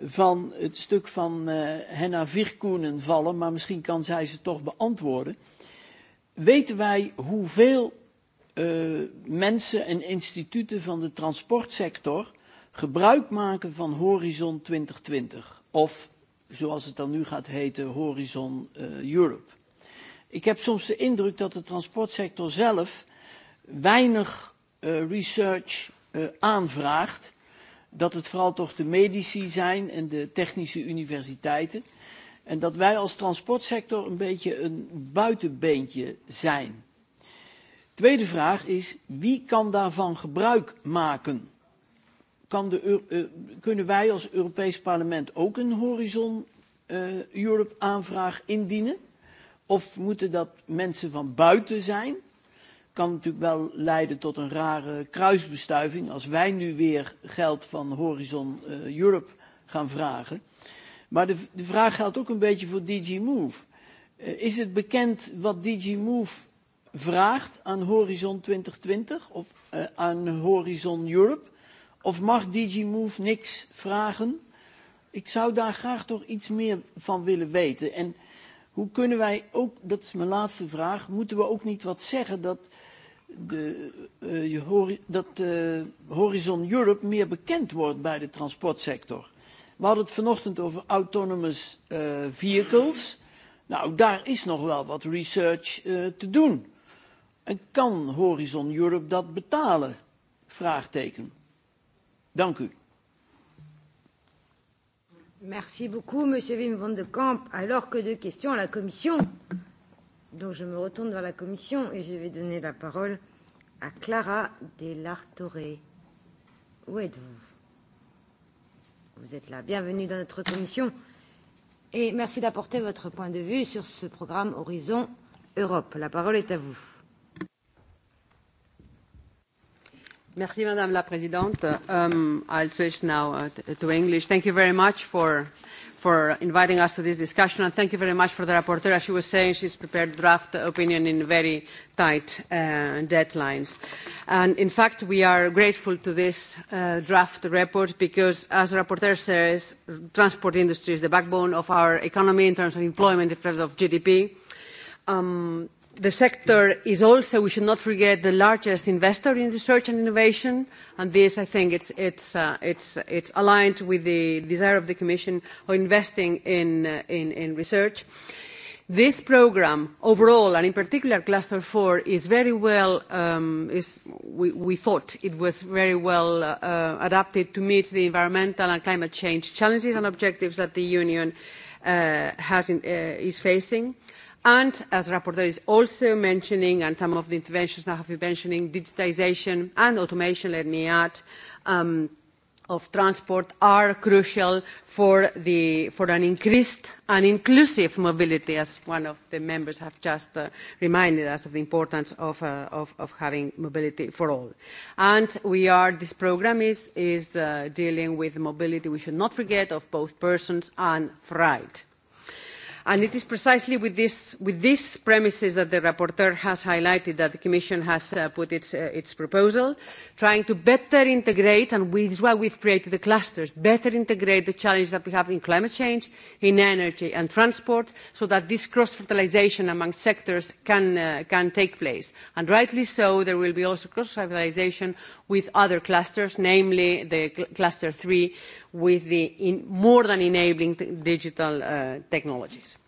Speaker 4: van het stuk van uh, Henna Virkoenen vallen, maar misschien kan zij ze toch beantwoorden. Weten wij hoeveel uh, mensen en instituten van de transportsector gebruik maken van Horizon 2020? Of zoals het dan nu gaat heten, Horizon uh, Europe. Ik heb soms de indruk dat de transportsector zelf weinig uh, research aanvraagt dat het vooral toch de medici zijn en de technische universiteiten. En dat wij als transportsector een beetje een buitenbeentje zijn. Tweede vraag is, wie kan daarvan gebruik maken? Kan de, uh, kunnen wij als Europees parlement ook een Horizon uh, Europe aanvraag indienen? Of moeten dat mensen van buiten zijn? kan natuurlijk wel leiden tot een rare kruisbestuiving als wij nu weer geld van Horizon eh, Europe gaan vragen. Maar de, de vraag geldt ook een beetje voor DG Move. Eh, is het bekend wat DG Move vraagt aan Horizon 2020 of eh, aan Horizon Europe? Of mag DG niks vragen? Ik zou daar graag toch iets meer van willen weten. En hoe kunnen wij ook, dat is mijn laatste vraag, moeten we ook niet wat zeggen dat de, uh, dat uh, Horizon Europe meer bekend wordt bij de transportsector. We hadden het vanochtend over autonomous uh, vehicles. Nou, daar is nog wel wat research te doen. En kan Horizon Europe dat betalen? Vraagteken. Dank u.
Speaker 1: Merci beaucoup, monsieur Wim van de Kamp. Alors que deux questions à la Commission. Donc je me retourne vers la commission et je vais donner la parole à Clara Delartoré. Où êtes-vous Vous êtes là. Bienvenue dans notre commission et merci d'apporter votre point de vue sur ce
Speaker 14: programme Horizon Europe. La parole est à vous. Merci Madame la Présidente. Um, I'll switch now uh, to English. Thank you very much for for inviting us to this discussion and thank you very much for the rapporteur. As she was saying, she's prepared draft opinion in very tight uh, deadlines. And in fact, we are grateful to this uh, draft report because, as the rapporteur says, transport industry is the backbone of our economy in terms of employment, in terms of GDP. Um, the sector is also, we should not forget, the largest investor in research and innovation, and this, I think, it's, it's, uh, it's, it's aligned with the desire of the Commission of investing in, uh, in, in research. This program overall, and in particular Cluster 4, is very well, um, is, we, we thought it was very well uh, adapted to meet the environmental and climate change challenges and objectives that the Union uh, has in, uh, is facing. And as Rapporteur is also mentioning, and some of the interventions now have been mentioning, digitization and automation, let me add, um, of transport are crucial for, an increased and inclusive mobility, as one of the members have just uh, reminded us of the importance of, uh, having mobility for all. And this program is, is uh, dealing with mobility, we should not forget, of both persons and freight. And it is precisely with, this, with these premises that the rapporteur has highlighted that the Commission has uh, put its, uh, its proposal, trying to better integrate, and this is why we've created the clusters, better integrate the challenges that we have in climate change, in energy and transport, so that this cross-fertilisation among sectors can, uh, can take place. And rightly so, there will be also cross-fertilisation with other clusters, namely the cluster three, with the in more than enabling digital uh, technologies.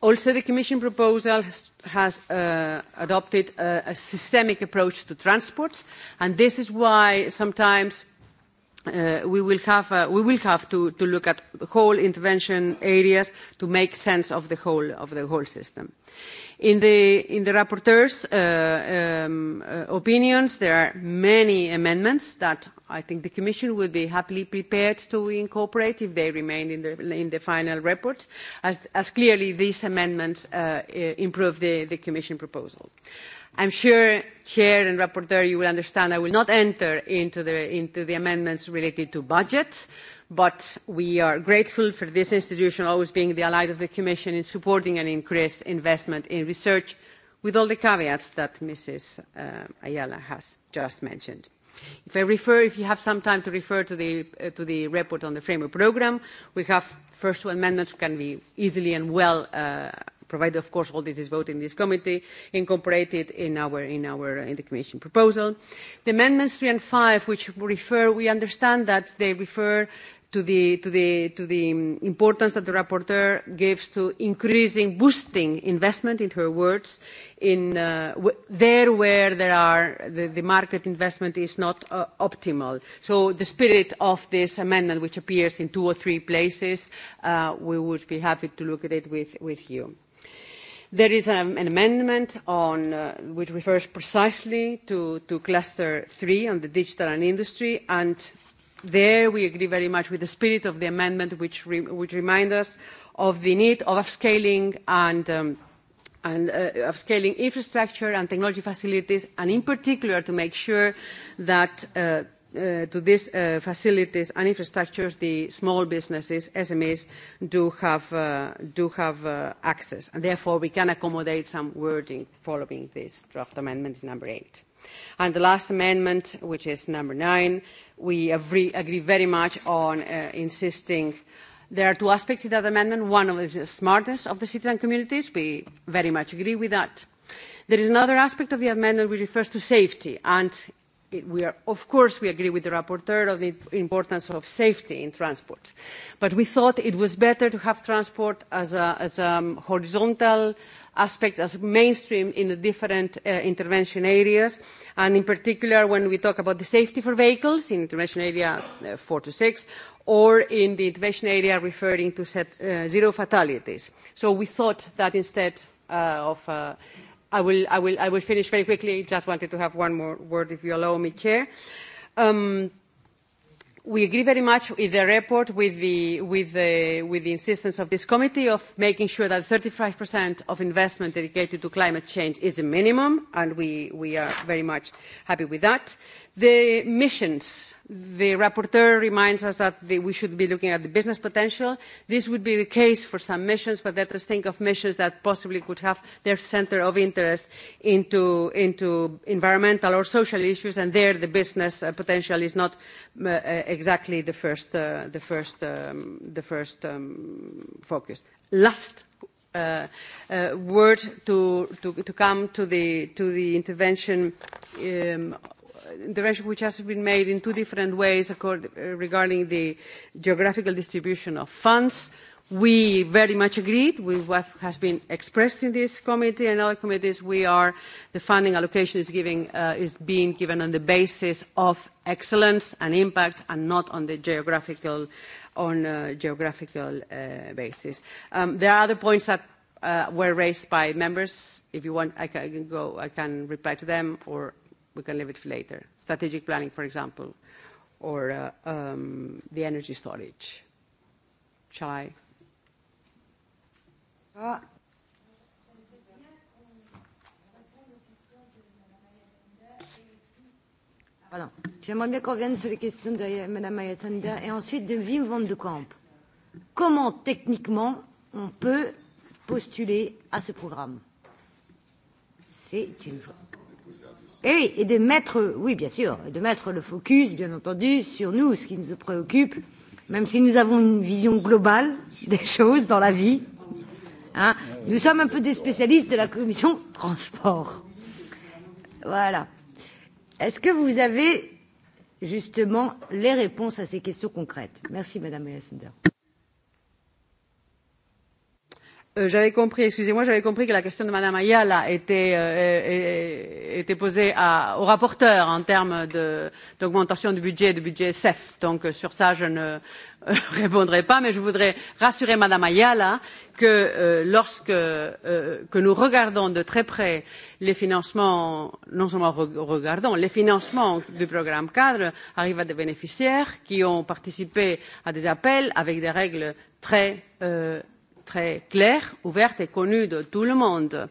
Speaker 14: Also, the Commission proposal has, has uh, adopted a, a systemic approach to transport, and this is why sometimes Uh, we will have, uh, we will have to, to look at whole intervention areas to make sense of the whole, of the whole system. In the, in the rapporteur's uh, um, uh, opinions, there are many amendments that I think the Commission would be happily prepared to incorporate if they remain in the, in the final report, as, as clearly these amendments uh, uh improve the, the Commission proposal. I'm sure, Chair and Rapporteur, you will understand I will not enter into the, into the amendments related to budget, but we are grateful for this institution always being the ally of the Commission in supporting an increased investment in research with all the caveats that Mrs. Uh, Ayala has just mentioned. If I refer, if you have some time to refer to the, uh, to the report on the framework programme, we have first two amendments can be easily and well uh, provided of course all this is voted in this committee incorporated in our in our in the commission proposal the amendments 3 and 5 which refer we understand that they refer to the, to the, to the importance that the rapporteur gives to increasing, boosting investment, in her words, in, uh, there where there are, the, the market investment is not uh, optimal. So the spirit of this amendment, which appears in two or three places, uh, we would be happy to look at it with, with you. There is um, an amendment on, uh, which refers precisely to, to cluster three on the digital and industry and There we agree very much with the spirit of the amendment, which, re, which reminds us of the need of upscaling and um, and uh, upscaling infrastructure and technology facilities, and in particular to make sure that uh, uh to these uh, facilities and infrastructures, the small businesses, SMEs, do have, uh, do have access. And therefore, we can accommodate some wording following this draft amendment number eight. And the last amendment, which is number nine, we agree, agree very much on uh, insisting there are two aspects in that amendment. One of the smartness of the citizen communities. We very much agree with that. There is another aspect of the amendment which refers to safety and we are, of course, we agree with the rapporteur on the importance of safety in transport. But we thought it was better to have transport as a, as a um, horizontal aspect, as mainstream in the different uh, intervention areas. And in particular, when we talk about the safety for vehicles in intervention area uh, 4 to 6, or in the intervention area referring to set, uh, zero fatalities. So we thought that instead uh, of uh, i will, I, will, I will finish very quickly. Just wanted to have one more word, if you allow me, Chair. Um, we agree very much with the report, with the, with the, with the insistence of this committee of making sure that 35% of investment dedicated to climate change is a minimum, and we, we are very much happy with that. The missions, the rapporteur reminds us that we should be looking at the business potential. This would be the case for some missions, but let us think of missions that possibly could have their center of interest into, into environmental or social issues, and there the business uh, potential is not uh, uh, exactly the first, the first, um, the first um, focus. Last word to, to, come to the, to the intervention um, intervention which has been made in two different ways according, uh, regarding the geographical distribution of funds. We very much agreed with what has been expressed in this committee and other committees. We are, the funding allocation is, giving, uh, is being given on the basis of excellence and impact and not on the geographical, on a uh, geographical uh, basis. Um, there are other points that uh, were raised by members. If you want, I can go, I can reply to them or we can leave it for later. Strategic planning, for example, or uh, um, the energy storage. Chai I? Uh,
Speaker 1: Pardon. J'aimerais bien qu'on revienne sur les questions de euh, Mme Ayatanda et ensuite de Wim van de Kamp. Comment techniquement on peut postuler à ce programme C'est une vraie et, et de mettre, oui bien sûr, de mettre le focus, bien entendu, sur nous, ce qui nous préoccupe, même si nous avons une vision globale *laughs* des choses dans la vie. Hein, nous sommes un peu des spécialistes de la commission transport. Voilà. Est-ce que vous avez justement les réponses à ces questions concrètes Merci Madame Essender.
Speaker 14: Euh, j'avais compris, excusez-moi, j'avais compris que la question de Madame Ayala était, euh, était posée à, au rapporteur en termes d'augmentation du budget, du budget CEF. Donc euh, sur ça, je ne euh, *laughs* répondrai pas, mais je voudrais rassurer Madame Ayala que euh, lorsque euh, que nous regardons de très près les financements, non seulement regardons, les financements du programme cadre arrivent à des bénéficiaires qui ont participé à des appels avec des règles très euh, très claire, ouverte et connue de tout le monde.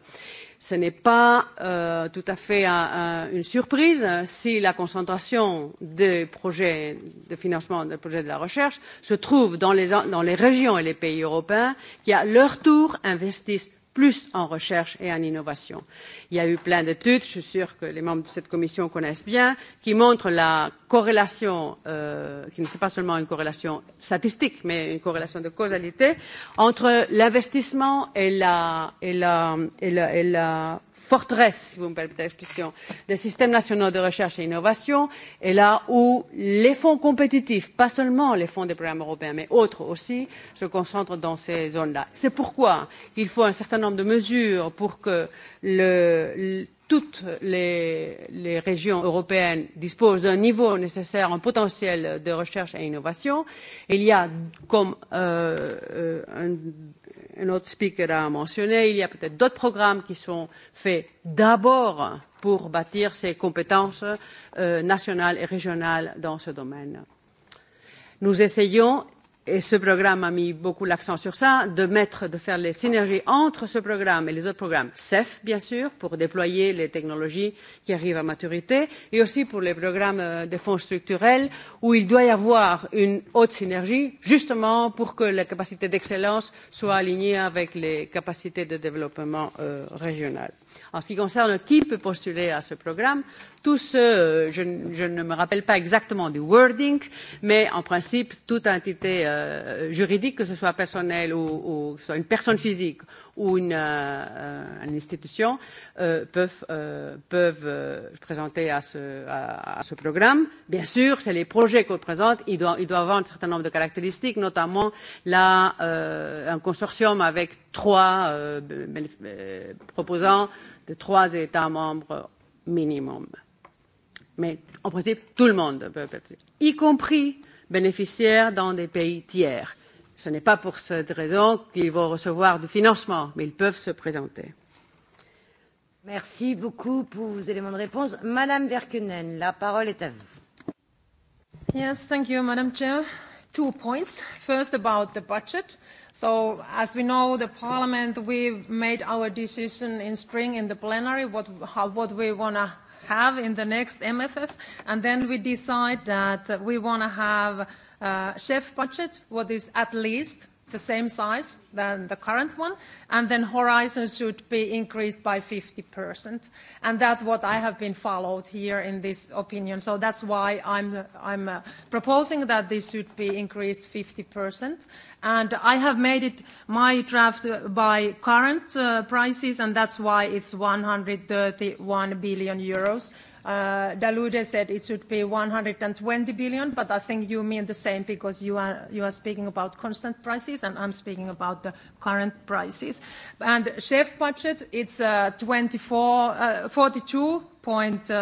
Speaker 14: Ce n'est pas euh, tout à fait un, un, une surprise euh, si la concentration des projets de financement des projets de la recherche se trouve dans les, dans les régions et les pays européens qui, à leur tour, investissent plus en recherche et en innovation. Il y a eu plein d'études, je suis sûre que les membres de cette commission connaissent bien, qui montrent la corrélation, euh, qui sont pas seulement une corrélation statistique, mais une corrélation de causalité, entre l'investissement et la, et, la, et, la, et la forteresse, si vous me permettez l'expression, des systèmes nationaux de recherche et innovation est là où les fonds compétitifs, pas seulement les fonds des programmes européens, mais autres aussi, se concentrent dans ces zones-là. C'est pourquoi il faut un certain nombre de mesures pour que le toutes les, les régions européennes disposent d'un niveau nécessaire en potentiel de recherche et innovation. Il y a comme euh, euh un notre speaker a mentionné, il y a peut-être d'autres programmes qui sont faits d'abord pour bâtir ces compétences euh, nationales et régionales dans ce domaine. Nous essayons et ce programme a mis beaucoup l'accent sur ça, de mettre, de faire les synergies entre ce programme et les autres programmes CEF, bien sûr, pour déployer les technologies qui arrivent à maturité, et aussi pour les programmes euh, de fonds structurels, où il doit y avoir une haute synergie, justement pour que la capacité d'excellence soit alignée avec les capacités de développement euh, régional. En ce qui concerne qui peut postuler à ce programme, tous ceux, euh, je, je ne me rappelle pas exactement du wording, mais en principe, toute entité euh, juridique, que ce soit personnelle ou, ou soit une personne physique ou une, euh, une institution euh, peuvent, euh, peuvent présenter à ce, à, à ce programme. Bien sûr, c'est les projets qu'on présente. Ils doivent, ils doivent avoir un certain nombre de caractéristiques, notamment euh, un consortium avec trois proposants de trois États membres minimum. Mais en principe, tout le monde peut participer, y compris bénéficiaires dans des pays tiers Ce n'est pas pour cette raison qu'ils vont recevoir du financement, mais ils peuvent se présenter.
Speaker 1: Merci beaucoup pour vos éléments de réponse. Madame Berkenen,
Speaker 9: la parole est à vous. Yes, thank you, Madam Chair. Two points. First, about the budget. So, as we know, the Parliament, we've made our decision in spring in the plenary what, how, what we want to have in the next MFF, and then we decide that we want to have uh, chef budget, what is at least the same size than the current one, and then Horizon should be increased by 50%. And that's what I have been followed here in this opinion. So that's why I'm, I'm uh, proposing that this should be increased 50%. And I have made it my draft by current uh, prices, and that's why it's 131 billion euros Uh, Dalude said it should be 120 billion, but I think you mean the same because you are, speaking about constant prices and I'm speaking about the current prices. And chef budget, it's 24, uh, 42.7 uh,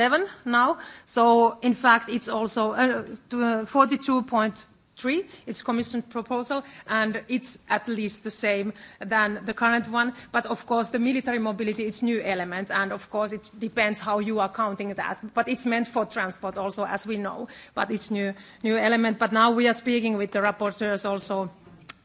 Speaker 9: uh, now. So in fact, it's also point three. It's Commission proposal, and it's at least the same than the current one. But of course, the military mobility is new element, and of course, it depends how you are counting that. But it's meant for transport also, as we know. But it's new new element. But now we are speaking with the rapporteurs also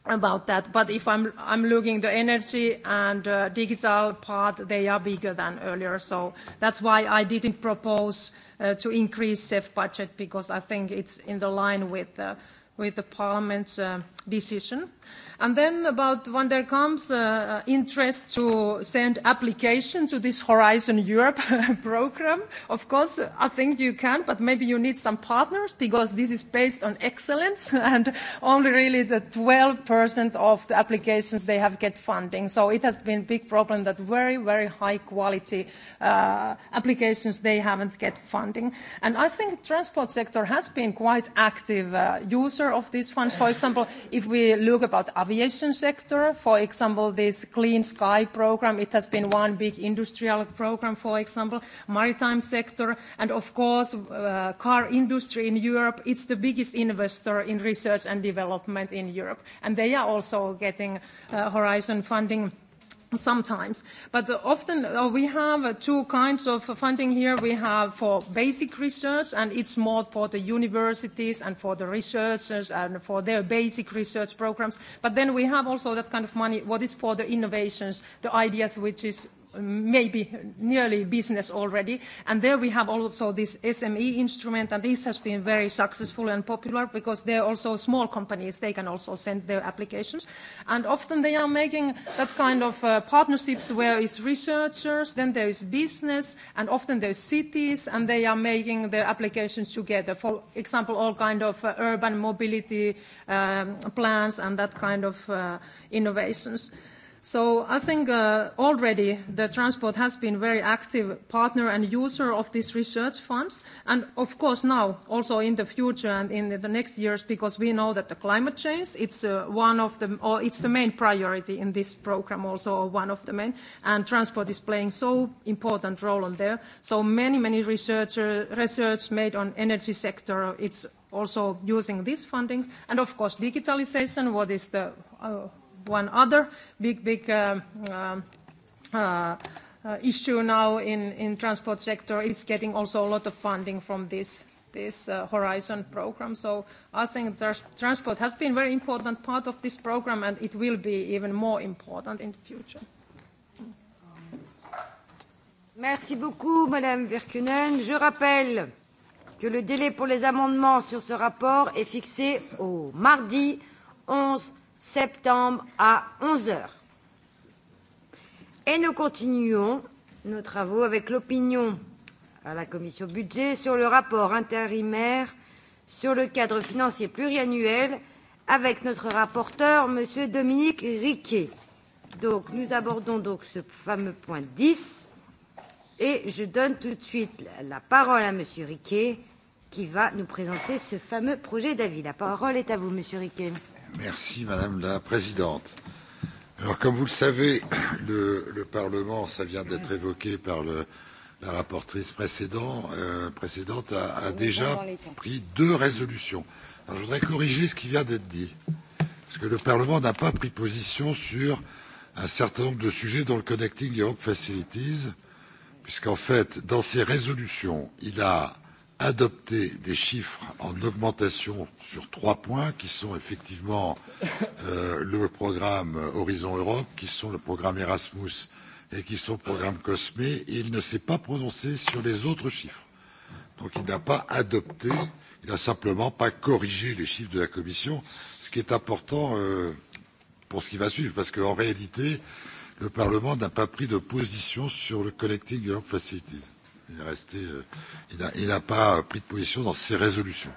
Speaker 9: about that. But if I'm I'm looking the energy and uh, digital part, they are bigger than earlier. So that's why I didn't propose uh, to increase CEF budget because I think it's in the line with. Uh, with the Parliament's uh, decision And then about when there comes uh, uh, interest to send application to this Horizon Europe *laughs* program. Of course, I think you can, but maybe you need some partners because this is based on excellence *laughs* and only really the 12% of the applications they have get funding. So it has been a big problem that very, very high quality uh, applications they haven't get funding. And I think transport sector has been quite active uh, user of these funds. For example, if we look about about aviation sector. For example, this Clean Sky program, it has been one big industrial program, for example, maritime sector, and of course, uh, car industry in Europe, it's the biggest investor in research and development in Europe, and they are also getting uh, Horizon funding sometimes but often uh, we have uh, two kinds of funding here we have for basic research and it's more for the universities and for the researchers and for their basic research programs but then we have also that kind of money what is for the innovations the ideas which is maybe nearly business already. And there we have also this SME instrument, and this has been very successful and popular because they're also small companies, they can also send their applications. And often they are making that kind of uh, partnerships where it's researchers, then there is business, and often there's cities, and they are making their applications together. For example, all kind of uh, urban mobility um, plans and that kind of uh, innovations. So I think uh, already the transport has been very active partner and user of these research funds. And of course now also in the future and in the next years because we know that the climate change, it's uh, one of the, or it's the main priority in this program also, or one of the main. And transport is playing so important role on there. So many, many research research made on energy sector, it's also using these fundings. And of course digitalization, what is the, uh, one other big, big um, um, uh, uh, issue now in, transport sector. It's getting also a lot of funding from this uh, Horizon program. So I think transport has been very important part of this program and it will be even more important in the future. Merci beaucoup, Madame Virkkunen. Je
Speaker 1: rappelle que le délai pour les amendements sur ce rapport est fixé au mardi 11 septembre à 11 heures. Et nous continuons nos travaux avec l'opinion à la commission budget sur le rapport intérimaire sur le cadre financier pluriannuel avec notre rapporteur, Monsieur Dominique Riquet. Donc, nous abordons donc ce fameux point 10 et je donne tout de suite la parole à Monsieur Riquet qui va nous présenter ce fameux projet d'avis. La parole est à vous, Monsieur Riquet.
Speaker 12: Merci Madame la Présidente. Alors comme vous le savez, *clears throat* le, le Parlement, ça vient d'être évoqué par le, la rapportrice précédent, euh, précédente, a, a déjà pris deux résolutions. Alors je voudrais corriger ce qui vient d'être dit, parce que le Parlement n'a pas pris position sur un certain nombre de sujets dans le Connecting Europe Facilities, puisqu'en fait, dans ses résolutions, il a adopté des chiffres en augmentation sur trois points qui sont effectivement euh, le programme Horizon Europe, qui sont le programme Erasmus et qui sont le programme Cosme. Et il ne s'est pas prononcé sur les autres chiffres. Donc il n'a pas adopté, il n'a simplement pas corrigé les chiffres de la Commission, ce qui est important euh, pour ce qui va suivre, parce qu'en réalité, le Parlement n'a pas pris de position sur le Connecting Europe Facilities. Il est resté, euh, il n'a pas euh, pris de position dans ses résolutions.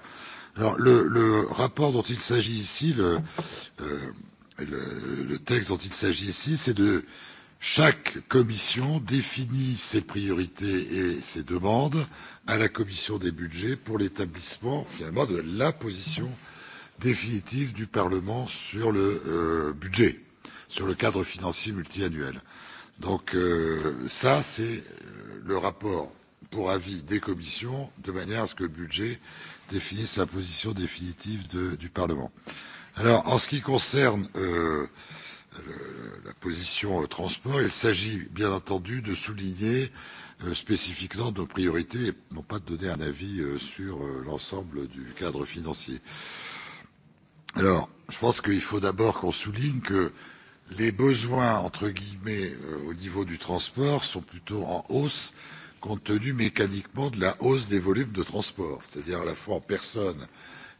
Speaker 12: Alors le, le rapport dont il s'agit ici, le, euh, le, le texte dont il s'agit ici, c'est de chaque commission définit ses priorités et ses demandes à la commission des budgets pour l'établissement finalement de la position définitive du Parlement sur le euh, budget, sur le cadre financier multiannuel. Donc euh, ça, c'est euh, le rapport pour avis des commissions, de manière à ce que le budget définisse la position définitive de, du Parlement. Alors, en ce qui concerne euh, le, euh, la position euh, transport, il s'agit bien entendu de souligner euh, spécifiquement nos priorités et non pas de donner un avis euh, sur euh, l'ensemble du cadre financier. Alors, je pense qu'il faut d'abord qu'on souligne que les besoins, entre guillemets, euh, au niveau du transport sont plutôt en hausse euh, compte tenu mécaniquement de la hausse des volumes de transport, c'est-à-dire à la fois en personnes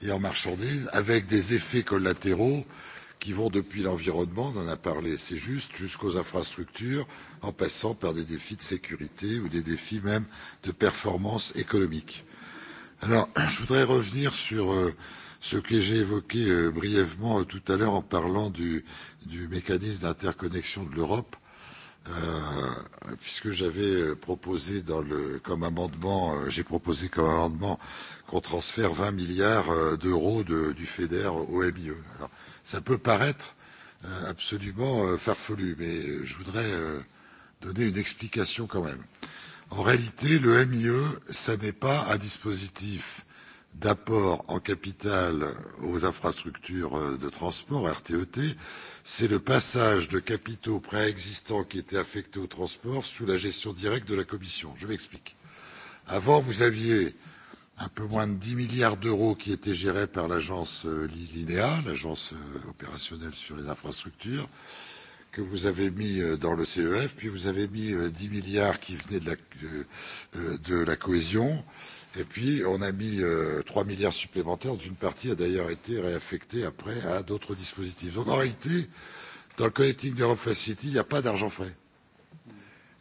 Speaker 12: et en marchandises, avec des effets collatéraux qui vont depuis l'environnement, on en a parlé, c'est juste, jusqu'aux infrastructures, en passant par des défis de sécurité ou des défis même de performance économique. Alors, *clears throat* je voudrais revenir sur euh, ce que j'ai évoqué euh, brièvement euh, tout à l'heure en parlant du, du mécanisme d'interconnexion de l'Europe Euh, puisque j'avais euh, proposé dans le, comme amendement, euh, j'ai proposé comme amendement qu'on transfère 20 milliards d'euros de, du FEDER au MIE. Alors, ça peut paraître absolument farfelu, mais je voudrais donner une explication quand même. En réalité, le MIE, ça n'est pas un dispositif d'apport en capital aux infrastructures de transport, RTET, e c'est le passage de capitaux préexistants qui étaient affectés au transport sous la gestion directe de la Commission. Je m'explique. Avant, vous aviez un peu moins de 10 milliards d'euros qui étaient gérés par l'agence euh, LINEA, l'agence euh, opérationnelle sur les infrastructures, que vous avez mis euh, dans le CEF, puis vous avez mis 10 milliards qui venaient de la, de la cohésion, Et puis, on a mis euh, 3 milliards supplémentaires, dont une partie a d'ailleurs été réaffectée après à d'autres dispositifs. Donc, en réalité, dans le Connecting Europe Facility, il n'y a pas d'argent frais.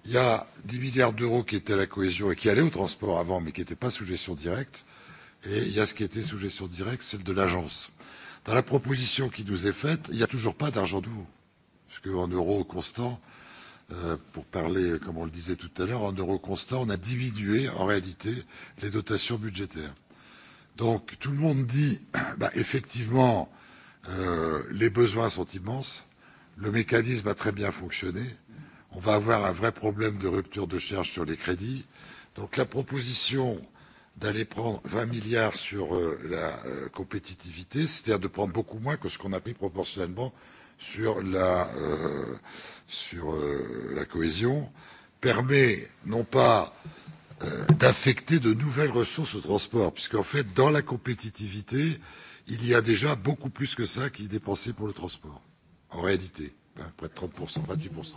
Speaker 12: Il y a 10 milliards d'euros qui étaient à la cohésion et qui allaient au transport avant, mais qui n'étaient pas sous gestion directe. Et il y a ce qui était sous gestion directe, celle de l'agence. Dans la proposition qui nous est faite, il n'y a toujours pas d'argent nouveau. Parce en euros constant, Euh, pour parler, comme on le disait tout à l'heure, en euro constants, on a diminué en réalité les dotations budgétaires. Donc tout le monde dit, *coughs* bah, effectivement, euh, les besoins sont immenses, le mécanisme a très bien fonctionné, on va avoir un vrai problème de rupture de charge sur les crédits. Donc la proposition d'aller prendre 20 milliards sur euh, la euh, compétitivité, c'est-à-dire de prendre beaucoup moins que ce qu'on a pris proportionnellement sur la... Euh, sur euh, la cohésion permet non pas euh, d'affecter de nouvelles ressources au transport, puisqu'en fait, dans la compétitivité, il y a déjà beaucoup plus que ça qui est dépensé pour le transport, en réalité, hein, près de 30%, 28%.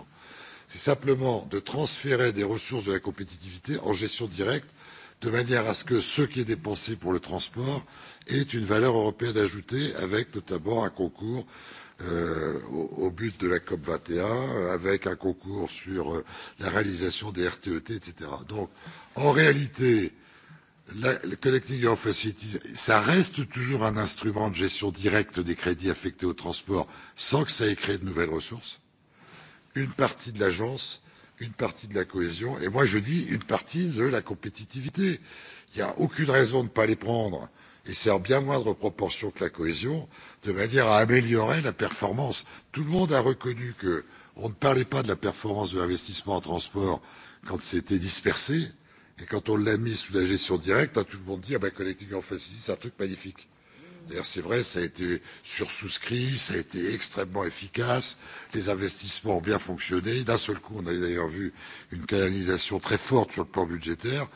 Speaker 12: C'est simplement de transférer des ressources de la compétitivité en gestion directe, de manière à ce que ce qui est dépensé pour le transport ait une valeur européenne ajoutée, avec notamment un concours euh, au, au but de la COP 21 avec un concours sur euh, la réalisation des RTET, etc. Donc, en réalité, la, le Connecting Europe Facility, ça reste toujours un instrument de gestion directe des crédits affectés au transport sans que ça ait créé de nouvelles ressources. Une partie de l'agence, une partie de la cohésion, et moi je dis une partie de la compétitivité. Il n'y a aucune raison de ne pas les prendre et c'est en bien moindre proportion que la cohésion, de manière à améliorer la performance. Tout le monde a reconnu que on ne parlait pas de la performance de l'investissement en transport quand c'était dispersé, et quand on l'a mis sous la gestion directe, tout le monde dit ah ben Connecting en facilité, c'est un truc magnifique. D'ailleurs, c'est vrai, ça a été sursouscrit, ça a été extrêmement efficace, les investissements ont bien fonctionné. D'un seul coup, on a d'ailleurs vu une canalisation très forte sur le plan budgétaire.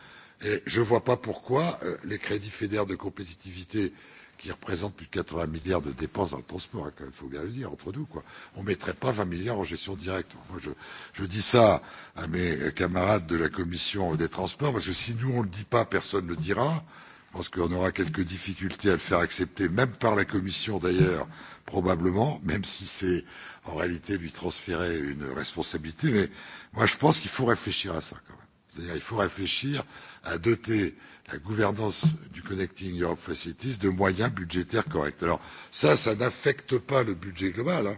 Speaker 12: Et je ne vois pas pourquoi euh, les crédits fédères de compétitivité qui représentent plus de 80 milliards de dépenses dans le transport, il hein, faut bien le dire, entre nous, quoi. On ne mettrait pas 20 milliards en gestion directe. Moi, je, je dis ça à mes camarades de la commission des transports, parce que si nous, on ne le dit pas, personne ne le dira. Je pense qu'on aura quelques difficultés à le faire accepter, même par la commission d'ailleurs, probablement, même si c'est en réalité lui transférer une responsabilité. Mais moi, je pense qu'il faut réfléchir à ça, quand même. C'est-à-dire, il faut réfléchir à doter la gouvernance du Connecting Europe Facilities de moyens budgétaires corrects. Alors ça, ça n'affecte pas le budget global, hein,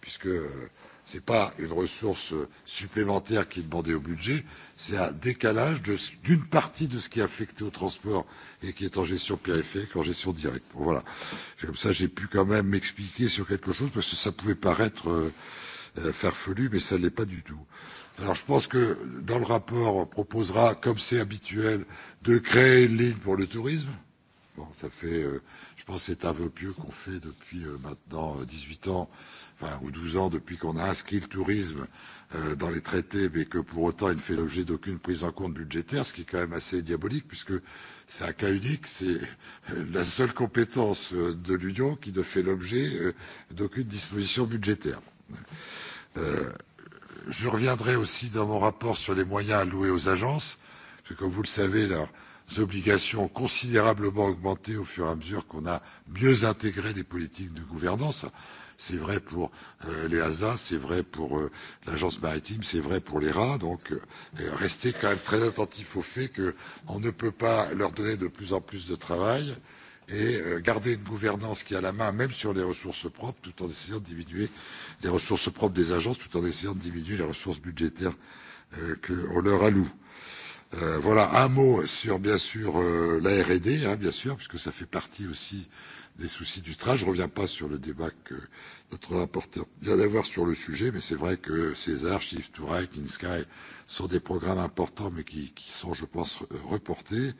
Speaker 12: puisque ce n'est pas une ressource supplémentaire qui est demandée au budget, c'est un décalage d'une partie de ce qui est affecté au transport et qui est en gestion périphérique, en gestion directe. Bon, voilà. Comme ça, j'ai pu quand même m'expliquer sur quelque chose, parce que ça pouvait paraître euh, euh farfelu, mais ça ne l'est pas du tout. Euh, Alors je pense que dans le rapport, on proposera, comme c'est habituel, de créer une ligne pour le tourisme. Bon, ça fait, euh, je pense, c'est un vœu pieux qu'on fait depuis euh, maintenant 18 euh, ans, enfin, ou 12 ans, depuis qu'on a inscrit le tourisme euh, dans les traités, mais que pour autant il ne fait l'objet d'aucune prise en compte budgétaire, ce qui est quand même assez diabolique, puisque c'est un cas unique, c'est la seule compétence de l'Union qui ne fait l'objet d'aucune disposition budgétaire. Euh, je reviendrai aussi dans mon rapport sur les moyens alloués aux agences, parce que comme vous le savez, leurs obligations ont considérablement augmenté au fur et à mesure qu'on a mieux intégré les politiques de gouvernance. C'est vrai pour euh, les ASA, c'est vrai pour euh, l'agence maritime, c'est vrai pour les rats. Donc, euh, restez quand même très attentifs au fait qu'on ne peut pas leur donner de plus en plus de travail et euh, garder une gouvernance qui a la main, même sur les ressources propres, tout en essayant de diminuer les ressources propres des agences tout en essayant de diminuer les ressources budgétaires euh, qu'on leur alloue. Euh, voilà un mot sur bien sûr euh, la R&D, hein, bien sûr, puisque ça fait partie aussi des soucis du train. Je ne reviens pas sur le débat que notre rapporteur vient d'avoir sur le sujet, mais c'est vrai que César, Chief, to King Sky sont des programmes importants, mais qui, qui sont, je pense, reportés.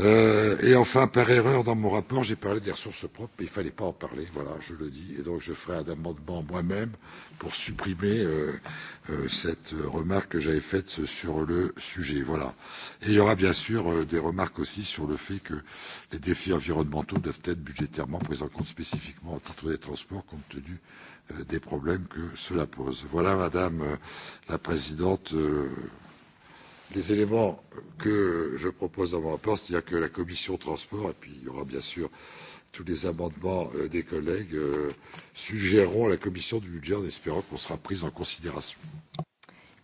Speaker 12: Euh, et enfin, par erreur, dans mon rapport, j'ai parlé des ressources propres, mais il ne fallait pas en parler, voilà, je le dis, et donc je ferai un amendement moi-même pour supprimer euh, euh, cette remarque que j'avais faite sur le sujet, voilà. Et il y aura bien sûr euh, des remarques aussi sur le fait que les défis environnementaux doivent être budgétairement pris en compte spécifiquement au titre des transports, compte tenu euh, des problèmes que cela pose. Voilà, Madame la Présidente, les éléments que je propose dans mon rapport, c'est-à-dire que la commission transport, et puis il y aura bien sûr tous les amendements euh, des collègues, euh, suggéreront à la commission du budget en espérant qu'on sera prise en considération.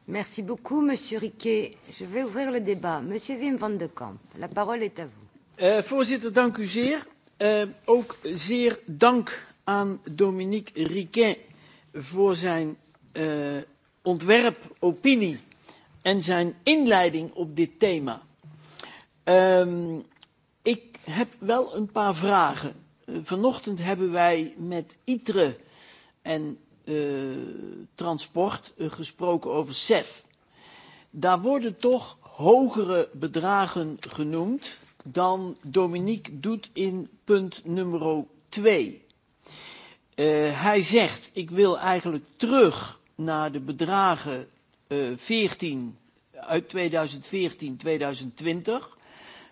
Speaker 1: Merci beaucoup, Monsieur Riquet. Je vais ouvrir le débat. Monsieur Wim van de Kamp, la parole est à vous.
Speaker 4: Euh, voorzitter, dank u zeer. Euh, ook zeer dank aan Dominique Riquet voor zijn euh, ontwerp, opinie en zijn inleiding op dit thema. Um, ik heb wel een paar vragen. Vanochtend hebben wij met ITRE en uh, transport uh, gesproken over SEF. Daar worden toch hogere bedragen genoemd dan Dominique doet in punt nummer 2. Uh, eh, hij zegt, ik wil eigenlijk terug naar de bedragen 14, uit 2014, 2020.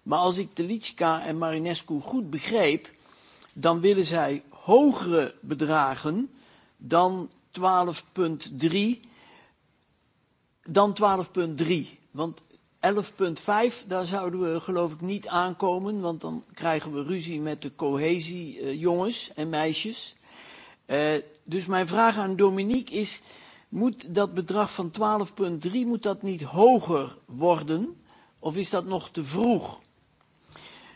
Speaker 4: Maar als ik Telitschka en Marinescu goed begreep, dan willen zij hogere bedragen dan 12,3. Dan 12,3. Want 11,5, daar zouden we geloof ik niet aankomen, want dan krijgen we ruzie met de cohesie, eh, jongens en meisjes. Eh, dus mijn vraag aan Dominique is, Moet dat bedrag van 12,3 moet dat niet hoger worden of is dat nog te vroeg?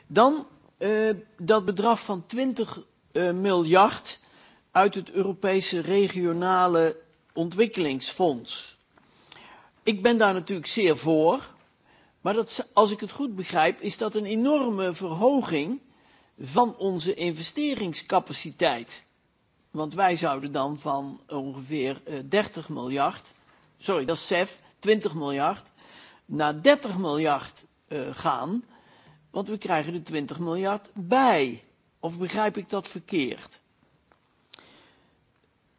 Speaker 4: Dan uh, dat bedrag van 20 uh, eh, miljard uit het Europese regionale ontwikkelingsfonds. Ik ben daar natuurlijk zeer voor, maar dat, als ik het goed begrijp is dat een enorme verhoging van onze investeringscapaciteit. Want wij zouden dan van eh, ongeveer 30 eh, miljard, sorry, dat is 20 miljard, na 30 miljard eh, gaan. Want we krijgen de er 20 miljard bij. Of begrijp ik dat verkeerd?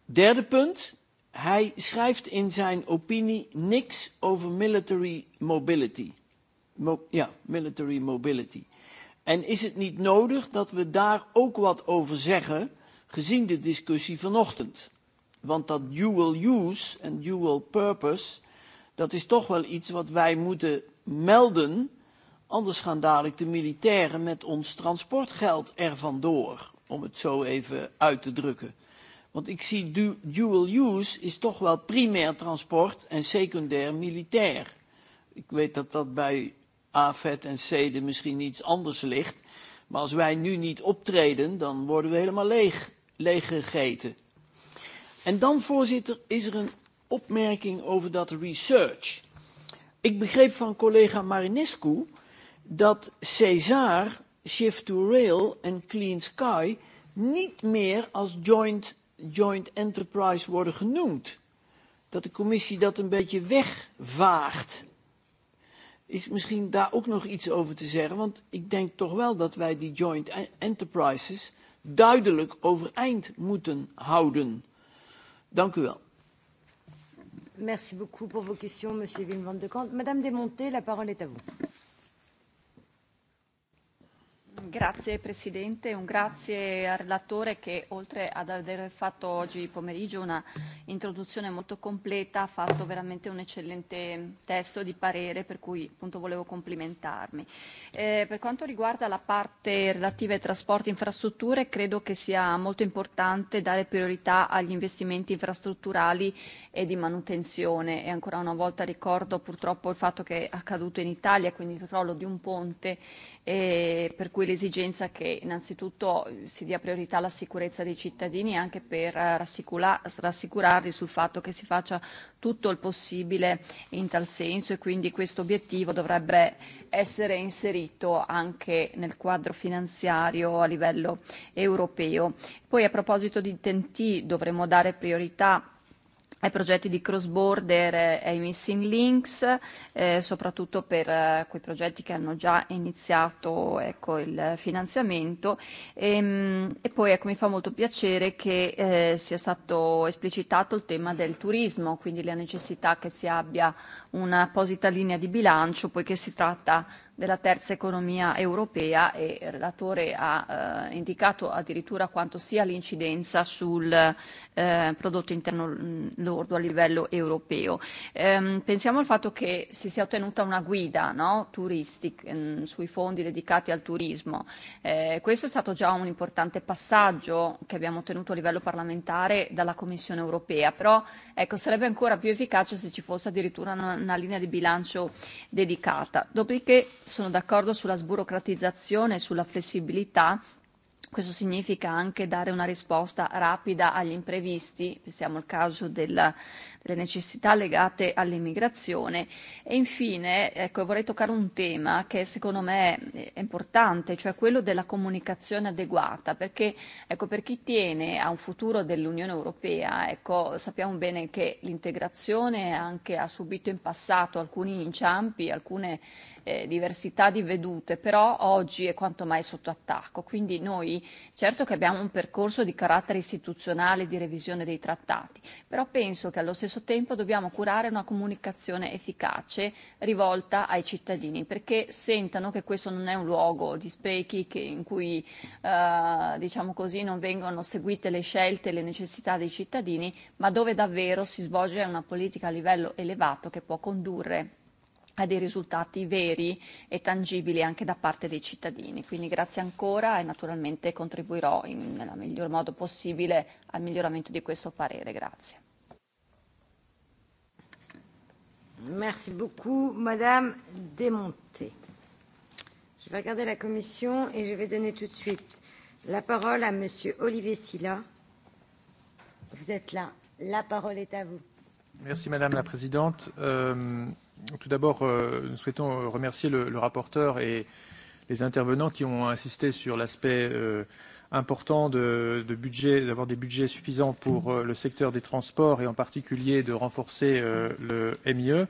Speaker 4: Derde punt. Hij schrijft in zijn opinie niks over military mobility. Mo ja, military mobility. En is het niet nodig dat we daar ook wat over zeggen? gezien de discussie vanochtend. Want dat dual use en dual purpose, dat is toch wel iets wat wij moeten melden. Anders gaan dadelijk de militairen met ons transportgeld ervan door, om het zo even uit te drukken. Want ik zie dual use is toch wel primair transport en secundair militair. Ik weet dat dat bij AFET en CEDE er misschien iets anders ligt. Maar als wij nu niet optreden, dan worden we helemaal leeg leeggegeten. En dan, voorzitter, is er een opmerking over dat research. Ik begreep van collega Marinescu dat César, Shift to Rail en Clean Sky niet meer als joint, joint enterprise worden genoemd. Dat de commissie dat een beetje wegvaagt. Is misschien daar ook nog iets over te zeggen, want ik denk toch wel dat wij die joint enterprises duidelijk overeind moeten houden. Dank u wel.
Speaker 1: Merci beaucoup pour vos questions, Monsieur Wim van de Kant. Madame Desmonté, la parole est à vous.
Speaker 5: Grazie Presidente, un grazie al relatore che oltre ad aver fatto oggi pomeriggio una introduzione molto completa ha fatto veramente un eccellente testo di parere per cui appunto volevo complimentarmi. Eh, per quanto riguarda la parte relativa ai trasporti e infrastrutture credo che sia molto importante dare priorità agli investimenti infrastrutturali e di manutenzione e ancora una volta ricordo purtroppo il fatto che è accaduto in Italia quindi il crollo di un ponte e per cui l'esigenza che innanzitutto si dia priorità alla sicurezza dei cittadini e anche per eh, rassicurarli sul fatto che si faccia tutto il possibile in tal senso e quindi questo obiettivo dovrebbe essere inserito anche nel quadro finanziario a livello europeo. Poi a proposito di TNT dovremmo dare priorità ai progetti di cross border e ai missing links, eh, soprattutto per eh, quei progetti che hanno già iniziato ecco, il finanziamento e, e poi ecco, mi fa molto piacere che eh, sia stato esplicitato il tema del turismo, quindi la necessità che si abbia un'apposita linea di bilancio poiché si tratta della terza economia europea e il relatore ha eh, indicato addirittura quanto sia l'incidenza sul eh, prodotto interno lordo a livello europeo. Ehm, pensiamo al fatto che si sia ottenuta una guida no, turistica mm, sui fondi dedicati al turismo. Eh, questo è stato già un importante passaggio che abbiamo ottenuto a livello parlamentare dalla Commissione europea, però ecco, sarebbe ancora più efficace se ci fosse addirittura una, una linea di bilancio dedicata. Dopodiché sono d'accordo sulla sburocratizzazione e sulla flessibilità Questo significa anche dare una risposta rapida agli imprevisti, pensiamo al caso del, delle necessità legate all'immigrazione. E infine, ecco, vorrei toccare un tema che secondo me è importante, cioè quello della comunicazione adeguata, perché ecco, per chi tiene a un futuro dell'Unione Europea, ecco, sappiamo bene che l'integrazione anche ha subito in passato alcuni inciampi, alcune eh, diversità di vedute, però oggi è quanto mai sotto attacco. Quindi noi certo che abbiamo un percorso di carattere istituzionale di revisione dei trattati, però penso che allo stesso stesso tempo dobbiamo curare una comunicazione efficace rivolta ai cittadini perché sentano che questo non è un luogo di sprechi che, in cui eh, diciamo così non vengono seguite le scelte e le necessità dei cittadini, ma dove davvero si svolge una politica a livello elevato che può condurre a dei risultati veri e tangibili anche da parte dei cittadini. Quindi grazie ancora e naturalmente contribuirò in, nel miglior modo possibile al miglioramento di questo parere. Grazie.
Speaker 1: Merci beaucoup, Madame Desmonté. Je vais regarder la commission et je vais donner tout de suite la parole à Monsieur Olivier Silla. Vous êtes là. La parole est à vous.
Speaker 15: Merci Madame la Présidente. Euh, tout d'abord, euh, nous souhaitons remercier le, le rapporteur et les intervenants qui ont insisté sur l'aspect euh, important de, de budget, d'avoir des budgets suffisants pour euh, le secteur des transports et en particulier de renforcer euh, le MIE.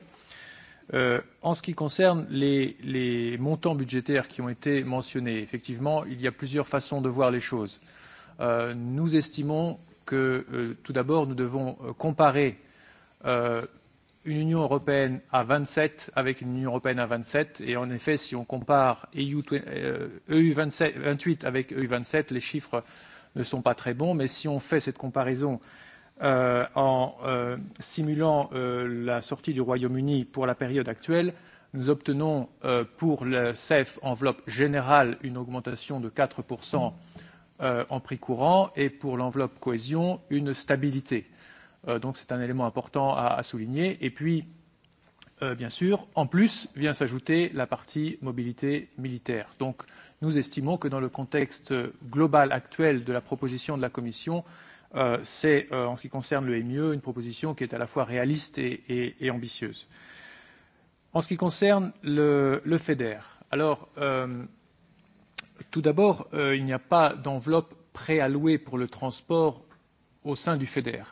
Speaker 15: Euh, en ce qui concerne les, les montants budgétaires qui ont été mentionnés, effectivement, il y a plusieurs façons de voir les choses. Euh, nous estimons que, euh, tout d'abord, nous devons euh, comparer euh, une Union européenne à 27 avec une Union européenne à 27. Et en effet, si on compare EU, EU 27, 28 avec EU 27, les chiffres ne sont pas très bons. Mais si on fait cette comparaison euh, en euh, simulant euh, la sortie du Royaume-Uni pour la période actuelle, nous obtenons euh, pour le CEF enveloppe générale une augmentation de 4% euh, en prix courant et pour l'enveloppe cohésion une stabilité. Euh, donc c'est un élément important à, à souligner. Et puis, euh, bien sûr, en plus vient s'ajouter la partie mobilité militaire. Donc nous estimons que dans le contexte global actuel de la proposition de la Commission, euh, c'est euh, en ce qui concerne le MIE une proposition qui est à la fois réaliste et, et, et ambitieuse. En ce qui concerne le, le FEDER, alors euh, tout d'abord, euh, il n'y a pas d'enveloppe préallouée pour le transport au sein du FEDER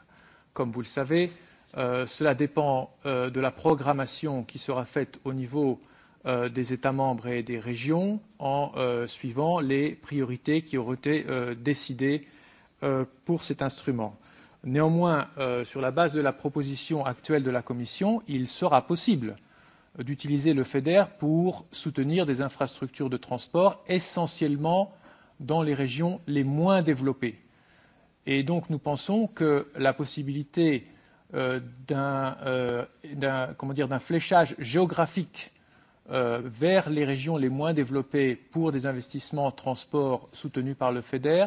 Speaker 15: comme vous le savez. Euh, cela dépend euh, de la programmation qui sera faite au niveau euh, des États membres et des régions en suivant les priorités qui auront été décidées pour cet instrument. Néanmoins, sur la base de la proposition actuelle de la Commission, il sera possible d'utiliser le FEDER pour soutenir des infrastructures de transport essentiellement dans les régions les moins développées Et donc, nous pensons que la possibilité euh, euh, d'un fléchage géographique euh, vers les régions les moins développées pour des investissements transport soutenus par le FEDER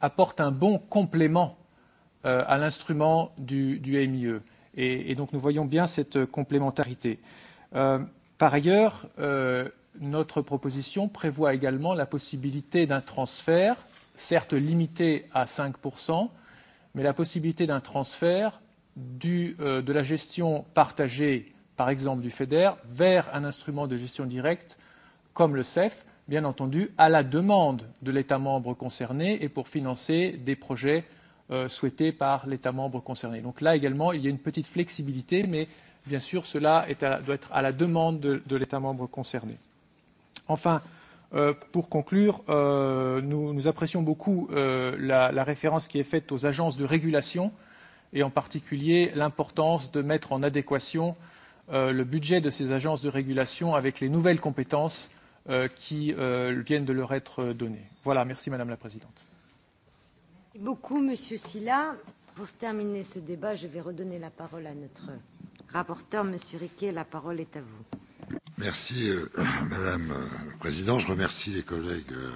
Speaker 15: apporte un bon complément à l'instrument du MIE. Et donc, nous voyons bien cette complémentarité. Par ailleurs, notre proposition prévoit également la possibilité d'un transfert certes limité à 5%, mais la possibilité d'un transfert du, euh, de la gestion partagée, par exemple du FEDER, vers un instrument de gestion directe comme le CEF, bien entendu à la demande de l'État membre concerné et pour financer des projets euh, souhaités par l'État membre concerné. Donc là également, il y a une petite flexibilité, mais bien sûr, cela est à, doit être à la demande de, de l'État membre concerné. Enfin, Euh, pour conclure, euh, nous, nous, apprécions beaucoup euh, la, la, référence qui est faite aux agences de régulation et en particulier l'importance de mettre en adéquation euh, le budget de ces agences de régulation avec les nouvelles compétences qui viennent de leur être données. Voilà, merci Madame la Présidente.
Speaker 1: Merci beaucoup Monsieur Silla. Pour terminer ce débat, je vais redonner la parole à notre rapporteur, Monsieur Riquet. La parole est à vous.
Speaker 12: Merci euh, *clears throat* Madame euh, la Présidente. Je remercie les collègues euh,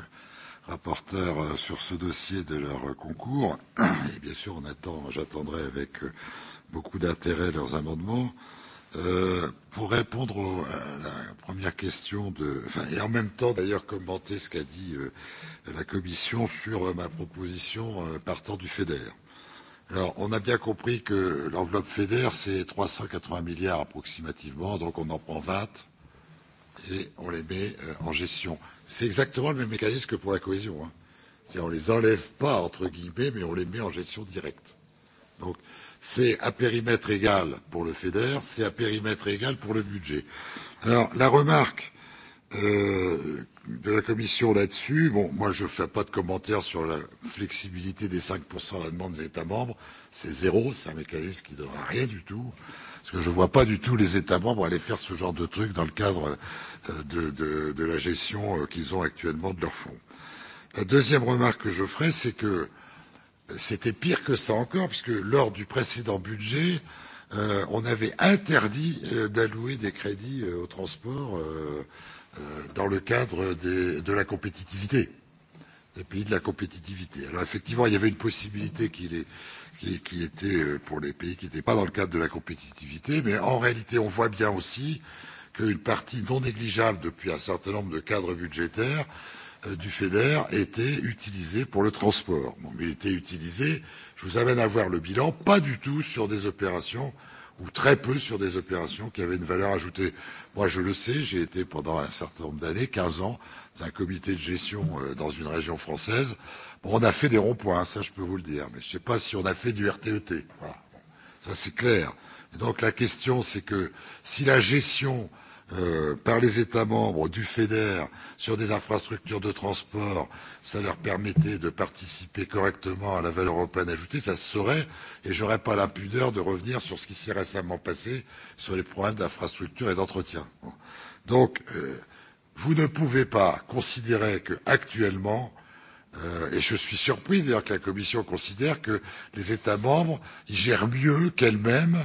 Speaker 12: rapporteurs sur ce dossier de leur concours. *clears throat* Et bien sûr, on attend, j'attendrai avec beaucoup d'intérêt leurs amendements. Euh, pour répondre au, à la première question de, enfin, et en même temps d'ailleurs commenter ce qu'a dit euh, la Commission sur euh, ma proposition euh, partant du FEDER. Alors, on a bien compris que l'enveloppe FEDER, c'est 380 milliards approximativement, donc on en prend 20 et on les met euh, en gestion. C'est exactement le même mécanisme que pour la cohésion. Hein. On ne les enlève pas, entre guillemets, mais on les met en gestion directe. Donc, c'est à périmètre égal pour le FEDER, c'est à périmètre égal pour le budget. Alors, la remarque euh, de la Commission là-dessus, bon, moi, je ne fais pas de commentaire sur la flexibilité des 5% à la demande des États membres. C'est zéro, c'est un mécanisme qui ne donnera rien du tout. Parce que je ne vois pas du tout les États membres aller faire ce genre de truc dans le cadre de, de, de la gestion euh, qu'ils ont actuellement de leurs fonds. La deuxième remarque que je ferai, c'est que euh, c'était pire que ça encore, puisque lors du précédent budget, euh, on avait interdit euh, d'allouer des crédits euh, au transport euh, dans le cadre des, de la compétitivité, des pays de la compétitivité. Alors effectivement, il y avait une possibilité qui, les, qui, qui était pour les pays qui n'étaient pas dans le cadre de la compétitivité, mais en réalité, on voit bien aussi euh, qu'une partie non négligeable depuis un certain nombre de cadres budgétaires euh, du FEDER était utilisée pour le transport. Bon, mais il était utilisé, je vous amène à voir le bilan, pas du tout sur des opérations ou très peu sur des opérations qui avaient une valeur ajoutée. Moi, je le sais, j'ai été pendant un certain nombre d'années, 15 ans, dans un comité de gestion euh, dans une région française. Bon, on a fait des ronds-points, ça je peux vous le dire, mais je ne sais pas si on a fait du RTET. E voilà. Ça, c'est clair. Et donc, la question, c'est que si la gestion euh, Euh, par les États membres du FEDER sur des infrastructures de transport, ça leur permettait de participer correctement à la valeur européenne ajoutée, ça se saurait, et j'aurais pas la pudeur de revenir sur ce qui s'est récemment passé sur les problèmes d'infrastructure et d'entretien. Donc, euh, vous ne pouvez pas considérer que actuellement euh, et je suis surpris d'ailleurs que la Commission considère que les États membres gèrent mieux qu'elles mêmes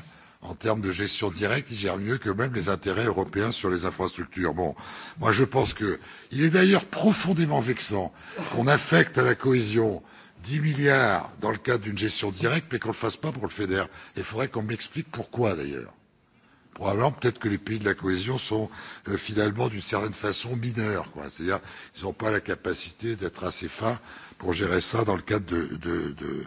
Speaker 12: en termes de gestion directe, ils gèrent mieux que même les intérêts européens sur les infrastructures. Bon, moi je pense que il est d'ailleurs profondément vexant qu'on affecte à la cohésion 10 milliards dans le cadre d'une gestion directe, mais qu'on ne le fasse pas pour le FEDER. Il faudrait qu'on m'explique pourquoi d'ailleurs. Probablement peut-être que les pays de la cohésion sont euh, finalement d'une certaine façon mineurs. C'est-à-dire qu'ils n'ont pas la capacité d'être assez fins pour gérer ça dans le cadre de, de, de,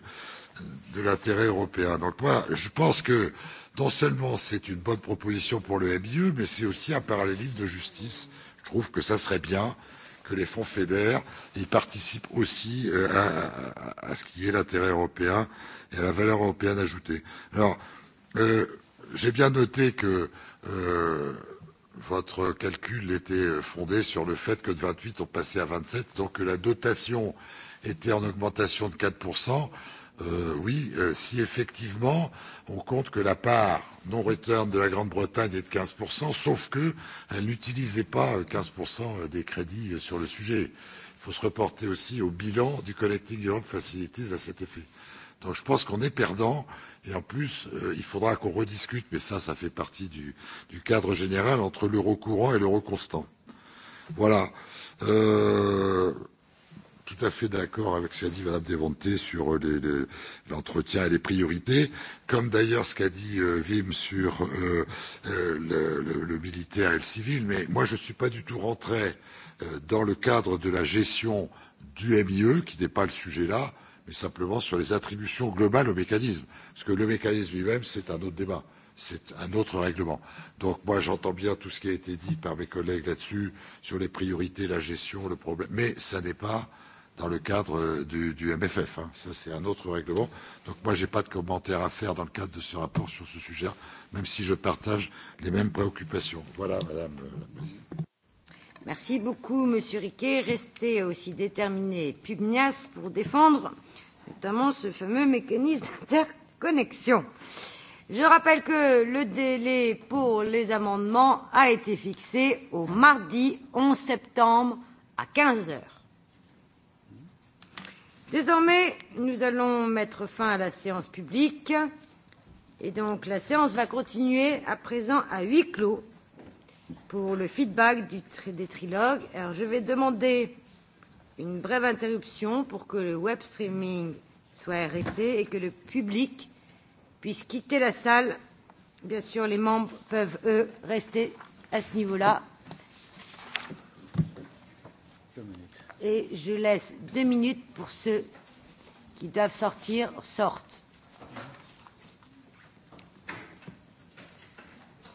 Speaker 12: de l'intérêt européen. Donc moi, je pense que non seulement c'est une bonne proposition pour le MIE, mais c'est aussi un parallélisme de justice. Je trouve que ça serait bien que les fonds FEDER y participent aussi euh, à, à, à ce qui est l'intérêt européen et à la valeur européenne ajoutée. Alors, euh, j'ai bien noté que euh, votre calcul était fondé sur le fait que de 28, on passait à 27, donc que la dotation était en augmentation de 4%. Euh, oui, euh, si effectivement on compte que la part non return de la Grande-Bretagne est de 15%, sauf qu'elle n'utilisait pas 15% euh, euh, des crédits euh, sur le sujet. Il faut se reporter aussi au bilan du Connecting Europe Facilities à cet effet. Donc je pense qu'on est perdant et en plus euh, il faudra qu'on rediscute, mais ça, ça fait partie du, du cadre général entre l'euro courant et l'euro constant. Voilà. Euh, tout à fait d'accord avec ce qu'a dit Mme Devonté sur l'entretien et les priorités, comme d'ailleurs ce qu'a dit euh, Wim sur euh, euh, le, le, le militaire et le civil. Mais moi, je ne suis pas du tout rentré euh, dans le cadre de la gestion du MIE, qui n'est pas le sujet là, mais simplement sur les attributions globales au mécanisme. Parce que le mécanisme lui-même, c'est un autre débat. C'est un autre règlement. Donc moi, j'entends bien tout ce qui a été dit par mes collègues là-dessus, sur les priorités, la gestion, le problème. Mais ça n'est pas dans le cadre euh, du, du MFF. Hein. Ça, c'est un autre règlement. Donc moi, je n'ai pas de commentaires à faire dans le cadre de ce rapport sur ce sujet, même si je partage les mêmes préoccupations. Voilà, Madame euh, la Présidente.
Speaker 1: Merci beaucoup, Monsieur Riquet. Restez aussi déterminé pugnace pour défendre notamment ce fameux mécanisme d'interconnexion. Je rappelle que le délai pour les amendements a été fixé au mardi 11 septembre à 15 heures. Désormais, nous allons mettre fin à la séance publique. Et donc, la séance va continuer à présent à huis clos pour le feedback du, des trilogues. Alors, je vais demander une brève interruption pour que le web streaming soit arrêté et que le public puisse quitter la salle. Bien sûr, les membres peuvent, eux, rester à ce niveau-là et je laisse deux minutes pour ceux qui doivent sortir sortent.